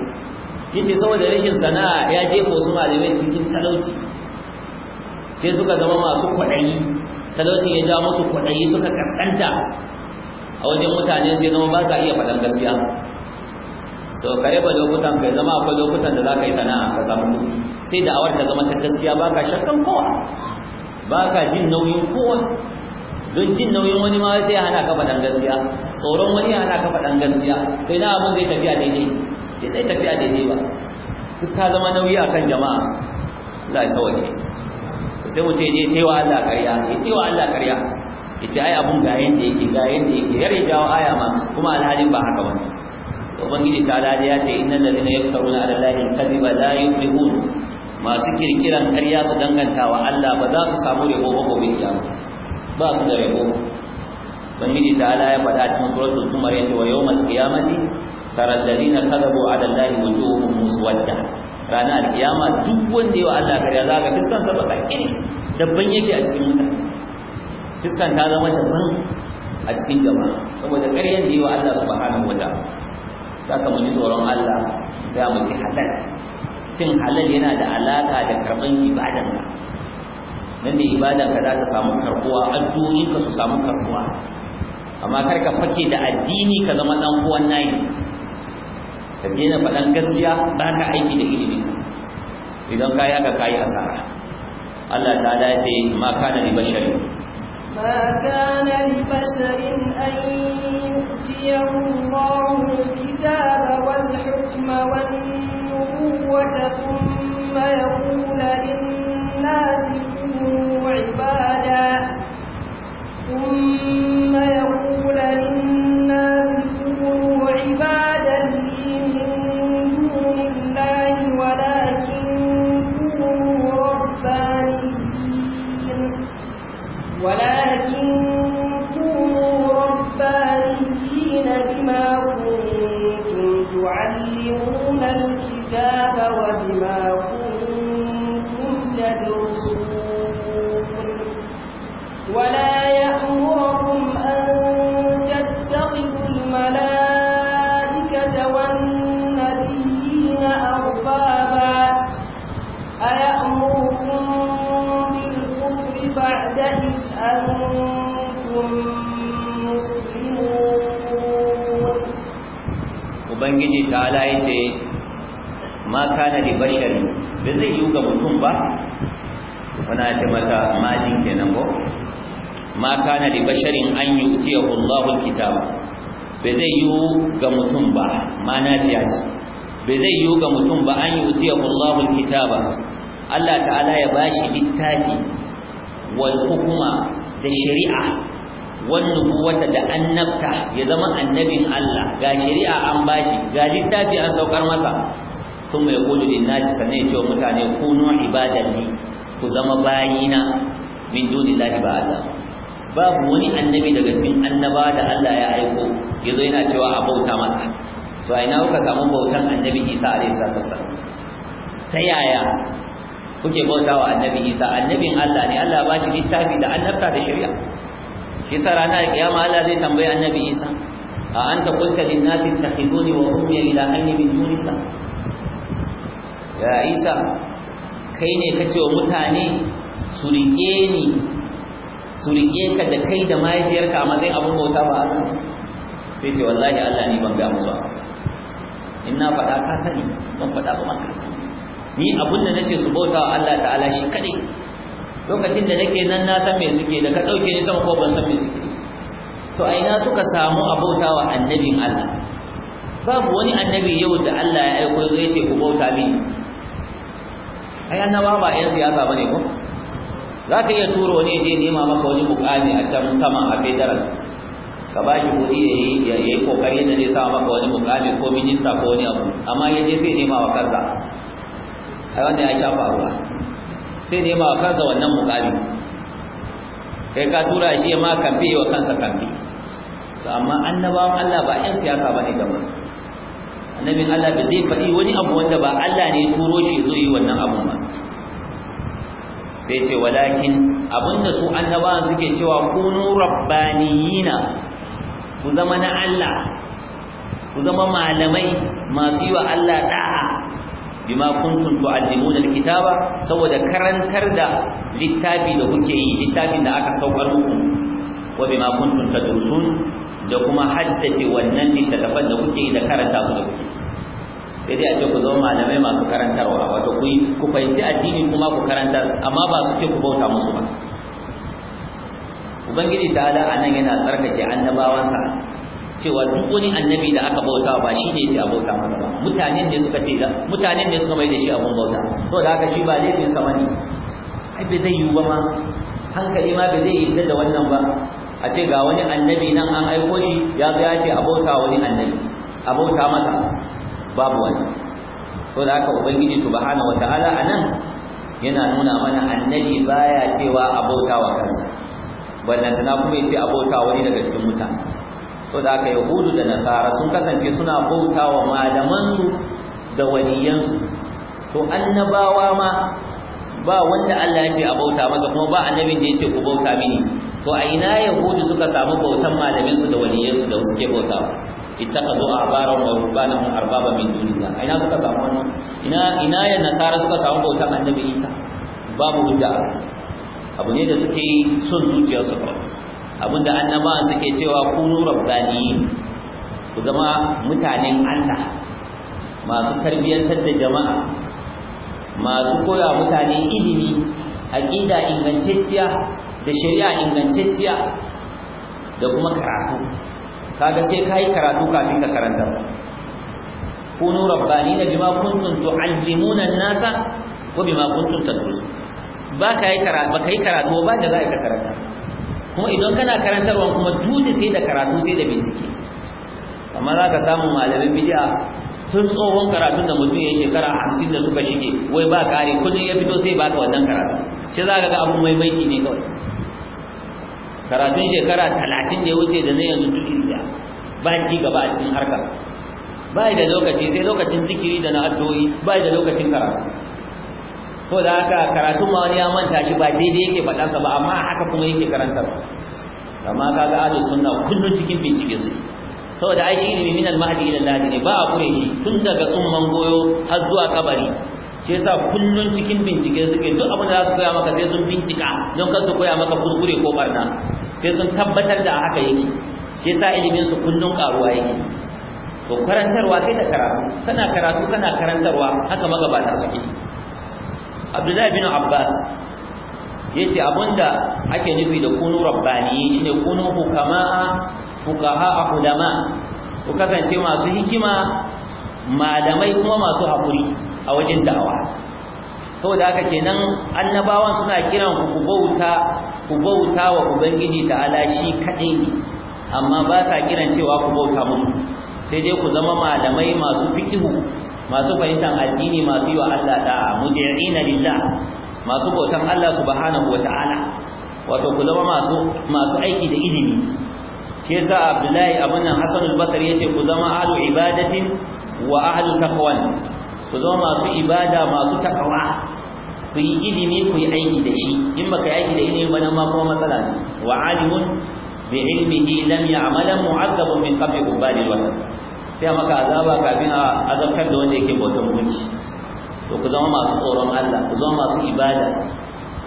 yace saboda rashin sana'a ya je ko su malamai cikin talauci sai suka zama masu kwaɗayi talauci ya ja musu kwaɗayi suka kaskanta a wajen mutane sai zama ba sa iya faɗan gaskiya so kare ba lokutan kai zama akwai lokutan da za ka yi sana'a ka samu kuɗi sai da awar ta zama ta gaskiya ba ka shakkan kowa ba ka jin nauyin kowa don jin nauyin wani ma sai hana ka faɗan gaskiya tsoron wani ya hana ka faɗan gaskiya sai na abin zai tafiya daidai sai tafiya daidai ba duk ta zama nauyi akan jama'a Allah ya sauke sai mutum je wa Allah ƙarya ya wa Allah ƙarya ya ce ai abun ga yanda yake ga yanda yake ya yare wa aya ma kuma alhalin ba haka bane ubangiji ta alhali ya ce innal ladina yaftaruna ala allahi al yi la yuflihun masu kirkiran ƙarya su dangantawa Allah ba za su samu rabo ba gobe kiyama ba su da rabo ubangiji ta ala ya faɗa cikin suratul zumar yace wa yawmal qiyamati tara alladhina kadhabu ala allahi wujuhuhum muswadda ranar alkiyama duk wanda yawa Allah kariya za ka fiskan sa baka iri dabban yake a cikin mutane fiskan ta zama dabban a cikin gaba saboda ƙaryan da yawa Allah subhanahu wata Za ka muni tsoron Allah sai a ci halal cin halal yana da alaka da karɓan ibadan ka nan da ibadan ka za ta samu karbuwa addu'o'in ka su samu karɓuwa amma kar ka fake da addini ka zama ɗan uwan nayi ka daina faɗan gaskiya ba ka aiki da ilimin idan ka yaka ka yi asara Allah ta da ce ma kana li bashari ma kana li basharin an yu'tiyahu Allahu al-kitaba wal hukma wan nubuwwata thumma da shari'a wannan wata da annabta ya zama annabin Allah ga shari'a an bashi ga littafi an saukar masa sun mai kulu din nasi sannan ya ce wa mutane kunu ibadalli ku zama bayina min dunillahi ba Allah babu wani annabi daga cikin annaba da Allah ya aiko yazo yana cewa a bauta masa to a ina kuka samu bautan annabi Isa alaihi salatu ta yaya kuke bautawa annabi Isa annabin Allah ne Allah ba shi littafi da annabta da shari'a shi sa ranar kiyama Allah zai tambayi annabi Isa a anta qulta lin nasi ittakhiduni wa ummi ilahaini min dunika ya Isa kai ne kace wa mutane su rike ni su rike ka da kai da mahaifiyarka a matsayin abin bauta ba Allah sai ce wallahi Allah ni ban ga musu inna faɗa ka sani ban faɗa ba man ka sani ni abun da nace su bauta wa Allah ta'ala shi kadai lokacin da nake nan na san me suke da ka dauke ni sama ko ban san me suke to a ina suka samu abauta wa annabin Allah babu wani annabi yau da Allah ya aiko zai ce ku bauta mini ai annaba ba yan siyasa bane ko za ka iya turo ne je nema maka wani mukami a can sama a federal ka ba shi kuɗi ya yi kokari da zai sa maka wani mukami ko minista ko wani abu amma yaje zai sai nema wa kansa a wanda ya sha faruwa sai ne ma kansa wannan mukami kai ka tura shi ma kamfe wa kansa kamfe to amma annabawan Allah ba ƴan siyasa bane gaba annabin Allah bai zai faɗi wani abu wanda ba Allah ne turo shi zo yi wannan abun ba sai ce walakin abinda su annabawan suke cewa kunu rabbaniyina ku zama na Allah ku zama malamai masu yi wa Allah da'a bima kuntum tu'allimuna alkitaba saboda karantar da littafi da kuke yi littafin da aka saukar muku wa bima kuntum tadrusun da kuma haddace wannan littafin da kuke yi da karanta su da kuke sai dai a ce ku zama malamai masu karantarwa wato ku ku fahimci addini kuma ku karantar amma ba su ke ku bauta musu ba ubangiji ta'ala anan yana tsarkake annabawansa cewa duk wani annabi da aka bauta ba shi ne ce abota masa ba mutanen ne suka ce da mutanen ne suka mai da shi abun bauta saboda haka shi ba laifin sa bane ai bai zai yi ba ma hankali ma bai zai yi da wannan ba a ce ga wani annabi nan an aiko shi ya ga ya ce abota wani annabi abota masa babu wani saboda haka ubangiji subhanahu wataala anan yana nuna mana annabi baya cewa abota wa kansa ballantana kuma ya ce a wani daga cikin mutane to da aka yahudu da nasara sun kasance suna bautawa malamansu da waliyansu to annabawa ma ba wanda Allah ya ce a bauta masa kuma ba annabin da ya ce ku bauta mini to a ina yahudu suka samu bautan malamin su da waliyansu da suke bautawa ittaqadu ahbaran wa hum arbaba min dunillah a ina suka samu wannan ina ina ya nasara suka samu bautan annabi Isa babu hujja abu ne da suke son zuciyarsu kawai abinda annabawan suke cewa kunu rabbaniyin ku zama mutanen Allah masu tarbiyyantar da jama'a masu koya mutane ilimi aqida ingantacciya da shari'a ingantacciya da kuma karatu kaga sai kai karatu kafin ka karanta kunu rabbanina bima kuntum tu'allimuna an-nasa wa bima kuntum tadrusun ba ka yi karatu ba ka yi karatu ba da za ka karanta kuma idan kana karantarwa kuma dole sai da karatu sai da bincike amma za ka samu malamin bid'a tun tsohon karatun da mutum ya shekara hamsin da suka shige wai ba kare kullum ya fito sai ba ka wannan karatu shi za ka ga abun maimaici ne kawai karatun shekara talatin da ya wuce da na yanzu duk inda ba ci gaba a cikin harkar ba da lokaci sai lokacin zikiri da na addu'o'i ba da lokacin karatu ko da haka karatun ma wani ya manta shi ba daidai yake faɗansa ba amma haka kuma yake ba amma kaga ahlus sunna kullun cikin bincike su saboda ai shi ilimi min al-mahdi ila al ne ba a kure shi tun daga tsumman goyo har zuwa kabari shi yasa kullun cikin bincike suke duk abin da za su koya maka sai sun bincika don kar su koya maka kuskure ko barna sai sun tabbatar da haka yake shi yasa ilimin su kullun karuwa yake to karantarwa sai da karatu kana karatu kana karantarwa haka magabata suke abdullahi bin abbas yace abinda ake nufi da kunu rabbani shine kunu hukama fuqaha ulama ku kasance masu hikima malamai kuma masu hakuri a wajen da'awa saboda haka kenan annabawan suna kiran ku bauta ku wa ubangiji da alashi kaɗai ne amma ba sa kiran cewa ku bauta musu sai dai ku zama malamai masu fikihu masu fahimtar addini masu yi wa Allah da'a mudi'ina lillah masu bautan Allah subhanahu wata'ala wato ku masu masu aiki da ilimi Ke sa Abdullahi abin Hassanul Hasan al-Basri yace ku zama ahlu ibadatin wa ahlu taqwan ku zama masu ibada masu takawa ku yi ilimi ku yi aiki da shi in baka yi aiki da ilimi ba nan ma kuma matsala ne wa alimun bi ilmihi lam ya'malan mu'azzabun min qabli ubadil sai maka azaba kafin a azabtar da wanda yake bautan gunki to ku zama masu tsoron Allah ku zama masu ibada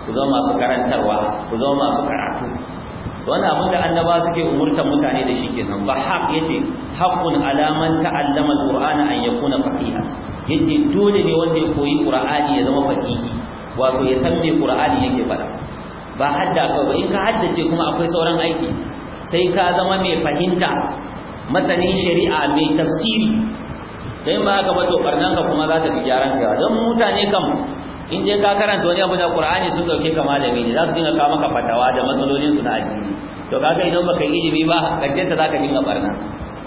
ku zama masu karantarwa ku zama masu karatu wani abin da annaba suke umurta mutane da shi kenan ba haq yace haqqun ala man ta'allama alqur'ana an yakuna faqiha yace dole ne wanda ya koyi qur'ani ya zama faqihi wato ya san me qur'ani yake fada ba hadda ba, in ka haddace kuma akwai sauran aiki sai ka zama mai fahimta masanin shari'a mai tafsiri da yin ba haka ba barnan ka kuma za ta fi gyaran ka don mutane kam in dai ka karanta wani abu da qur'ani sun dauke ka malami ne za su dinga kawo maka fatawa da matsalolin su na addini to kaga idan baka yi ilimi ba karshen ta zaka dinga barna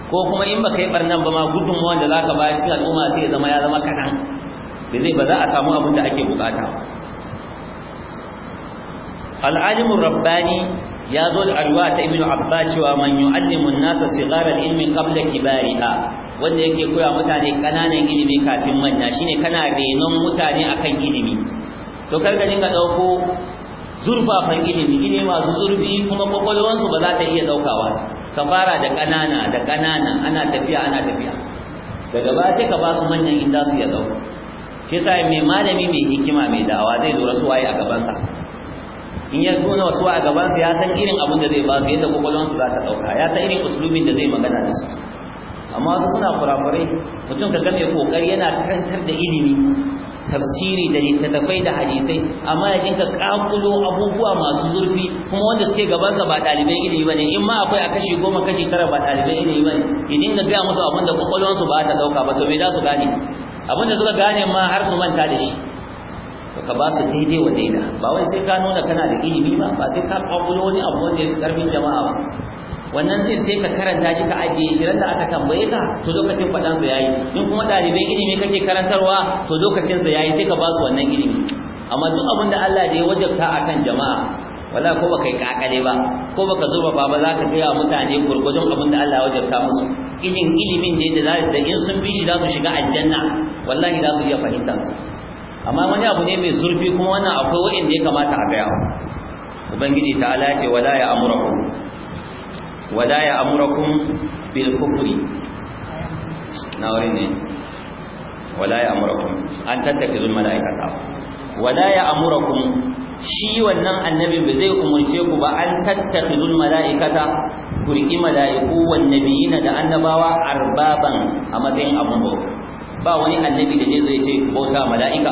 ko kuma in baka yi barnan ba ma wanda za zaka ba cikin al'umma sai ya zama ya zama kadan da zai ba za a samu abin da ake bukata al'alimin rabbani ya zo da arwa ta ibnu abba cewa man yu'allimu an-nasa sigara ilmi qabla kibariha wanda yake koya mutane kananan ilimi kafin manya shine kana renon mutane akan ilimi to kar ka dinga dauko zurfafan ilimi ilimi masu zurfi kuma kwakwalwansu ba za ta iya daukawa ka fara da kanana da kanana ana tafiya ana tafiya daga ba sai ka ba su manyan inda su ya dauko shi sai mai malami mai hikima mai dawa zai lura su waye a gabansa in ya nuna wasu a gaban su ya san irin abin da zai ba su yadda su za ta ɗauka ya ta irin usulubin da zai magana da su amma wasu suna kurakurai mutum ka ga mai kokari yana karantar da ilimi tafsiri da littattafai da hadisai amma ya dinka kakulo abubuwa masu zurfi kuma wanda suke gabansa ba ɗaliban ilimi bane in ma akwai a kashi goma kashi tara ba ɗaliban ilimi bane ya dinga gaya musu abin da su ba ta ɗauka ba to me za su gane abin da suka gane ma har su manta da shi ka ba su daidai wa daida ba wai sai ka nuna kana da ilimi ba ba sai ka kwakulo wani abu wanda ya fi karfin jama'a ba wannan din sai ka karanta shi ka ajiye shi da aka tambaye ka to lokacin faɗan sa yayi in kuma ɗalibai ilimi kake karantarwa to lokacin sa yayi sai ka ba su wannan ilimi amma duk abin da Allah da ya wajabta akan jama'a wala ko baka yi kakale ba ko baka zo ba ba za ka gaya mutane gurgudun abin da Allah ya wajabta musu ilimin da da in sun bi shi za su shiga aljanna wallahi za su iya fahimta amma wani abu ne mai zurfi kuma wannan akwai wa'inda ya kamata a gaya ubangiji ta ala ce wala ya amurakum wala ya amurakum bil kufri na wuri ne wala ya amurakum an tattake da mala'ikata wala ya amurakum shi wannan annabi ba zai umurce ku ba an tattakhidul mala'ikata ku riki mala'iku wan nabiyina da annabawa arbaban a matsayin abun bauta ba wani annabi da zai ce bauta mala'ika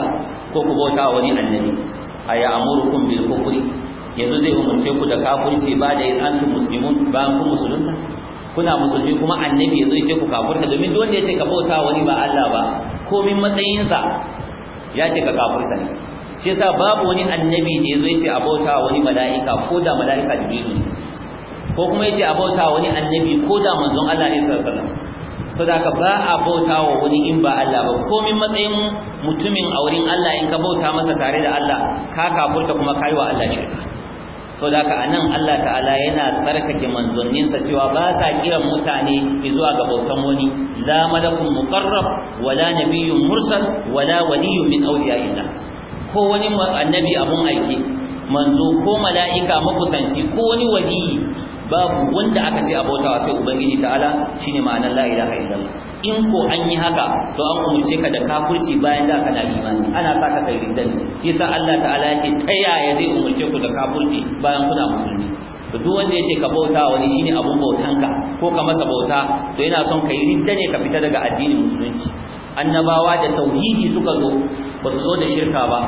ko ku bauta wani annabi aya amurukum bil kufri yanzu zai umurce ku da kafirci ba da yin antum muslimun ba ku musulunta kuna musulmi kuma annabi yazo ya ce ku kafirta domin duk wanda ya ce ka bauta wani ba Allah ba komin matsayinsa ya ce ka kafirta ne shi yasa babu wani annabi da yazo ya ce a bauta wani mala'ika ko da mala'ika jibrilu ne ko kuma ya ce a bauta wani annabi ko da manzon Allah ne sallallahu alaihi wasallam saboda ka ba a bauta wa wani in ba Allah ba komin matsayin mutumin a Allah in ka bauta masa tare da Allah ka kafurta kuma kai wa Allah shirka saboda ka anan Allah ta'ala yana tsarkake manzonninsa cewa ba sa kiran mutane zuwa ga bautan wani la malakun muqarrab wala nabiyyun mursal wala waliyyun min awliya'illah ko wani annabi abun aiki manzo ko mala'ika makusanci ko wani waliyi babu wanda aka ce abautawa sai ubangiji ta'ala shine ma'anar la ilaha illallah in ko an yi haka to an umurce ka da kafirci bayan da kana imani ana sa ka kai shi sa Allah ta'ala yake ta ya zai umurce ku da kafirci bayan kuna musulmi to duk wanda yake ka bauta wani shine abun bautanka ko ka masa bauta to yana son kai ridda ne ka fita daga addinin musulunci annabawa da tauhidi suka zo ba su zo da shirka ba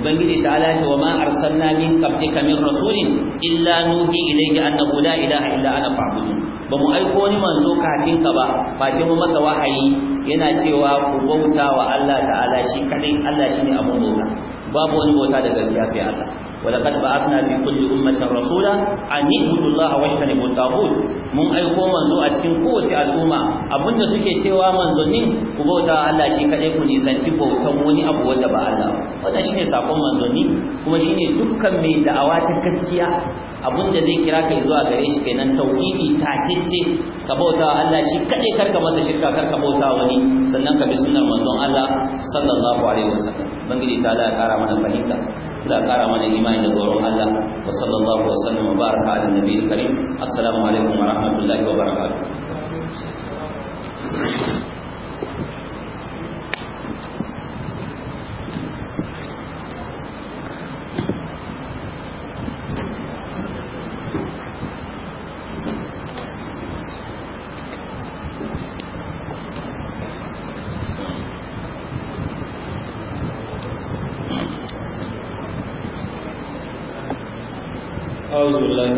ubangiji ta ala ce wa ma arsalna min qablika min rasulin illa nuhi ilayhi annahu la ilaha illa ana fa'budun ba mu aiko ni manzo kafin ka ba bakin mu masa wahayi yana cewa ku bauta wa Allah ta'ala shi kadai Allah shine abun bauta babu wani bauta da gaskiya sai Allah ولقد بعثنا في كل أمة رسولا أن اعبدوا الله واجتنبوا الطاغوت mun aiko manzo a cikin kowace al'umma abinda suke cewa manzonni ku bauta Allah shi kaɗai ku nisanci bautan wani abu wanda ba Allah wannan shine sakon manzonni kuma shine dukkan mai da'awa ta gaskiya abinda zai kira ka zuwa gare shi kenan tauhidi tacece ka bauta Allah shi kaɗai karka masa shirka karka bauta wani sannan ka bi sunan manzon Allah sallallahu alaihi wasallam bangiji ta Allah ya kara mana fahimta la kara mana imani da tsoron Allah wa sallallahu wa sallam wa baraka ala nabiyil karim assalamu alaikum wa rahmatullahi wa barakatuh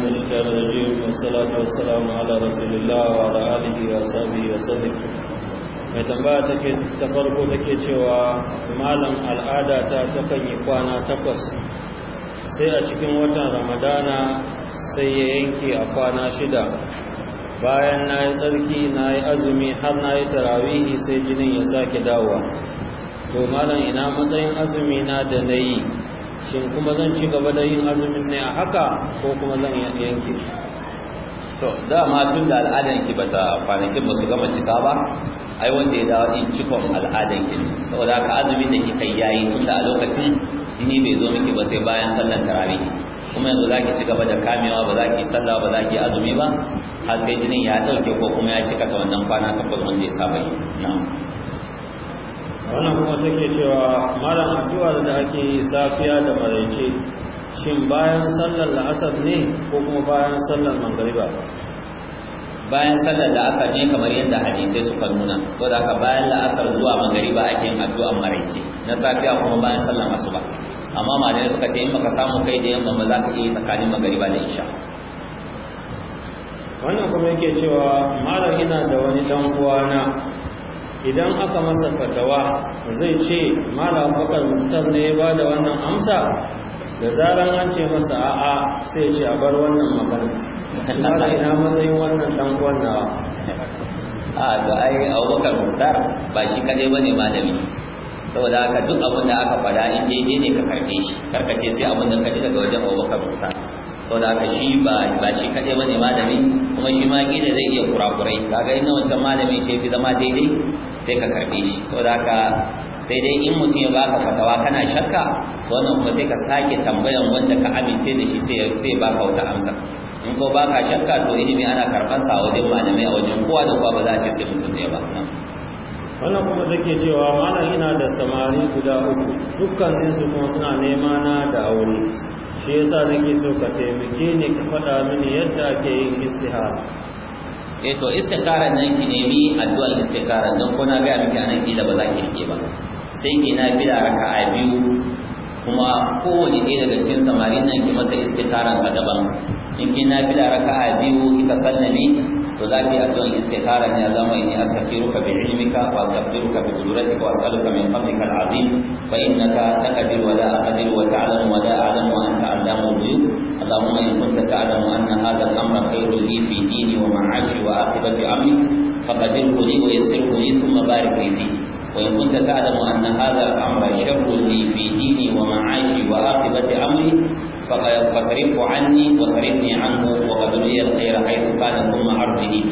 الشيطان الرجيم والصلاة والسلام على رسول الله وعلى آله وصحبه وسلم mai tambaya take ta farko take cewa malam al'ada ta takan yi kwana takwas sai a cikin watan ramadana sai ya yanke a kwana shida bayan na yi tsarki na yi azumi har na yi tarawihi sai jinin ya sake dawowa to malam ina matsayin azumi na da na yi shin kuma zan ci gaba da yin azumin ne a haka ko kuma zan yanke to dama tun da al'adan ki bata kwanakin ba su gama cika ba ai wanda ya dawo in cikon al'adan ki saboda ka azumin da kika yayi tun da a lokacin jini bai zo miki ba sai bayan sallar tarawi kuma yanzu zaki ci gaba da kamewa ba zaki sallah ba zaki azumi ba har sai jinin ya dauke ko kuma ya cika ta wannan kwana takwas wanda ya saba yi na'am wannan kuma take cewa malam addu'a da ake safiya da maraice shin bayan sallar la'asar ne ko kuma bayan sallar mangariba bayan sallar la'asar ne kamar yadda hadisai suka nuna so da aka bayan la'asar zuwa mangariba ake yin addu'an maraice na safiya kuma bayan sallar asuba amma malamai suka ce in baka samu kai da yamma ba za ka iya tsakanin magariba da isha wannan kuma yake cewa malam ina da wani dan uwana idan aka masa fatawa zai ce malam fakar mutar ne ba da wannan amsa da zaran an ce masa a'a sai ce a bar wannan magana mara ina matsayin wannan dan wannan a ga ai abubakar mutar ba shi kadai bane malami saboda haka duk abin da aka faɗa in daidai ne ka karɓe shi karkace sai abin da ka ji daga wajen abubakar mutar saboda aka shi ba ba shi kadai bane malami kuma shi ma gida zai iya kurakurai kaga inda wancan malami shi fi zama daidai sai ka karbe shi saboda aka sai dai in mutum ya baka fatawa kana shakka wannan kuma sai ka sake tambayan wanda ka amince da shi sai sai baka wata amsa in ko baka shakka to ilimi ana karban sa wajen malamai a wajen kowa da kowa ba za a ce sai mutum ya ba wannan kuma take cewa malam ina da samari guda uku dukkan su kuma suna nema na da aure shi yasa nake so ka taimake ni ka faɗa mini yadda ake yin istihara eh to istikhara nan ki nemi addu'ar istikhara don ko na ga miki anan kila ba za ki rike ba sai ki na bila raka'a biyu kuma kowane ɗaya daga cikin samarin nan ki masa istikharan sa daban in ki na bila raka'a biyu kika sallame وذاكي أفضل الاستخارة يا الله إني أستغفرك بعلمك وأستغفرك بقدرتك وأسألك من فضلك العظيم فإنك تقدر ولا أقدر وتعلم ولا أعلم وأنت علام الغيوب اللهم إن كنت تعلم أن هذا الأمر خير لي في ديني ومعاشي وعاقبة أمري فقدره لي ويسره لي ثم بارك لي فيه وإن كنت تعلم أن هذا الأمر شر لي في ديني ومعاشي وعاقبة أمري فصرفه عني وصرفني عنه وقدر لي الخير حيث كان ثم عرضني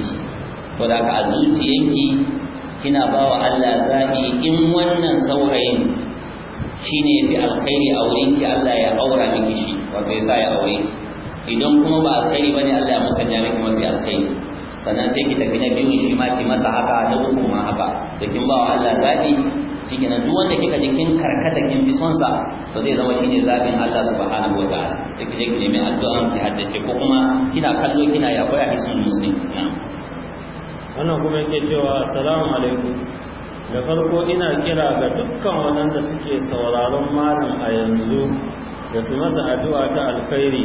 to da ka a zuciyanki kina ba wa Allah zaɓi in wannan saurayin shine yafi alkhairi a wurinki Allah ya aura miki shi wato yasa ya aure ki idan kuma ba alkhairi bane Allah ya musanya miki mafi alkhairi sannan sai ki tafi na biyu shi ma ki masa haka da uku ma haka da kin ba Allah zaɓi shikenan duk wanda kika jikin karkata kin fi son to zai zama shine zabin Allah subhanahu ta'ala sai kike ki nemi addu'a ki haddace ko kuma kina kallo kina ya koya ismi muslim wannan kuma yake cewa assalamu alaikum da farko ina kira ga dukkan wanda suke sauraron malam a yanzu da su masa addu'a ta alkhairi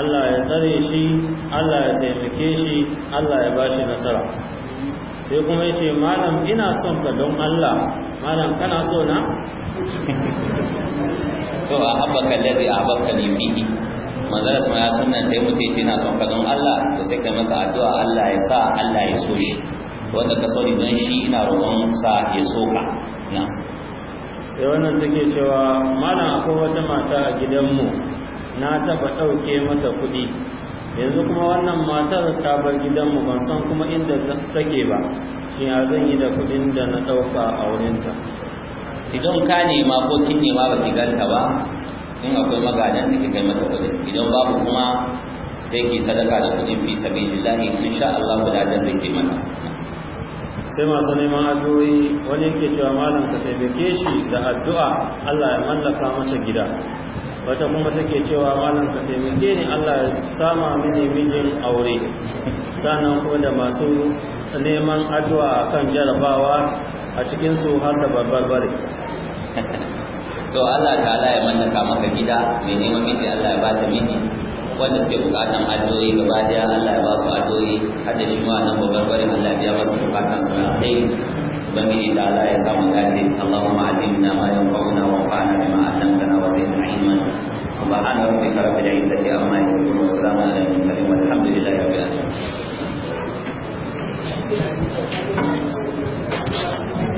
Allah ya tsare shi Allah ya taimake shi Allah ya bashi nasara sai kuma ya ce malam ina son ka don Allah malam kana so na to a habbaka kallari a li kalifi manzara sama ya sunan ya mutu ya ce ina son ka don Allah to sai kai masa addu'a Allah ya sa Allah ya so shi wanda ka sauri don shi ina roƙon sa ya so ka na sai wannan take cewa malam akwai wata mata a gidanmu na taɓa ɗauke mata kuɗi yanzu kuma wannan matar ta bar gidanmu ban san kuma inda take ba shi ya zan yi da kudin da na ɗauka a wurinta idan ka nema ko kin nema ba ki ganta ba in akwai magadan da ke kai mata kudin idan babu kuma sai ki sadaka da kudin fi sabilillah insha Allah gudanar da ke mata sai masu neman addu'o'i wani yake cewa malam ka taimake shi da addu'a Allah ya mallaka masa gida wata kuma take cewa malam ka taimake ni Allah sama mini mijin aure sannan kuma da masu neman addu'a kan jarabawa a cikin su har da babbar bare So Allah ta ya mallaka maka gida mai neman miji Allah ya bata miji wanda suke bukatan addu'o'i gaba daya Allah ya ba su addu'o'i har da shi ma nan babbar bare Allah ya biya masa bukatan su na alheri ubangiji ta Allah ya samu dace Allahumma alimna ma yanfa'una wa fa'ana bima 'allamtana wa zidna ilman subhana rabbika rabbil izzati amma yasifun wa salamun mursalin walhamdulillahi rabbil alamin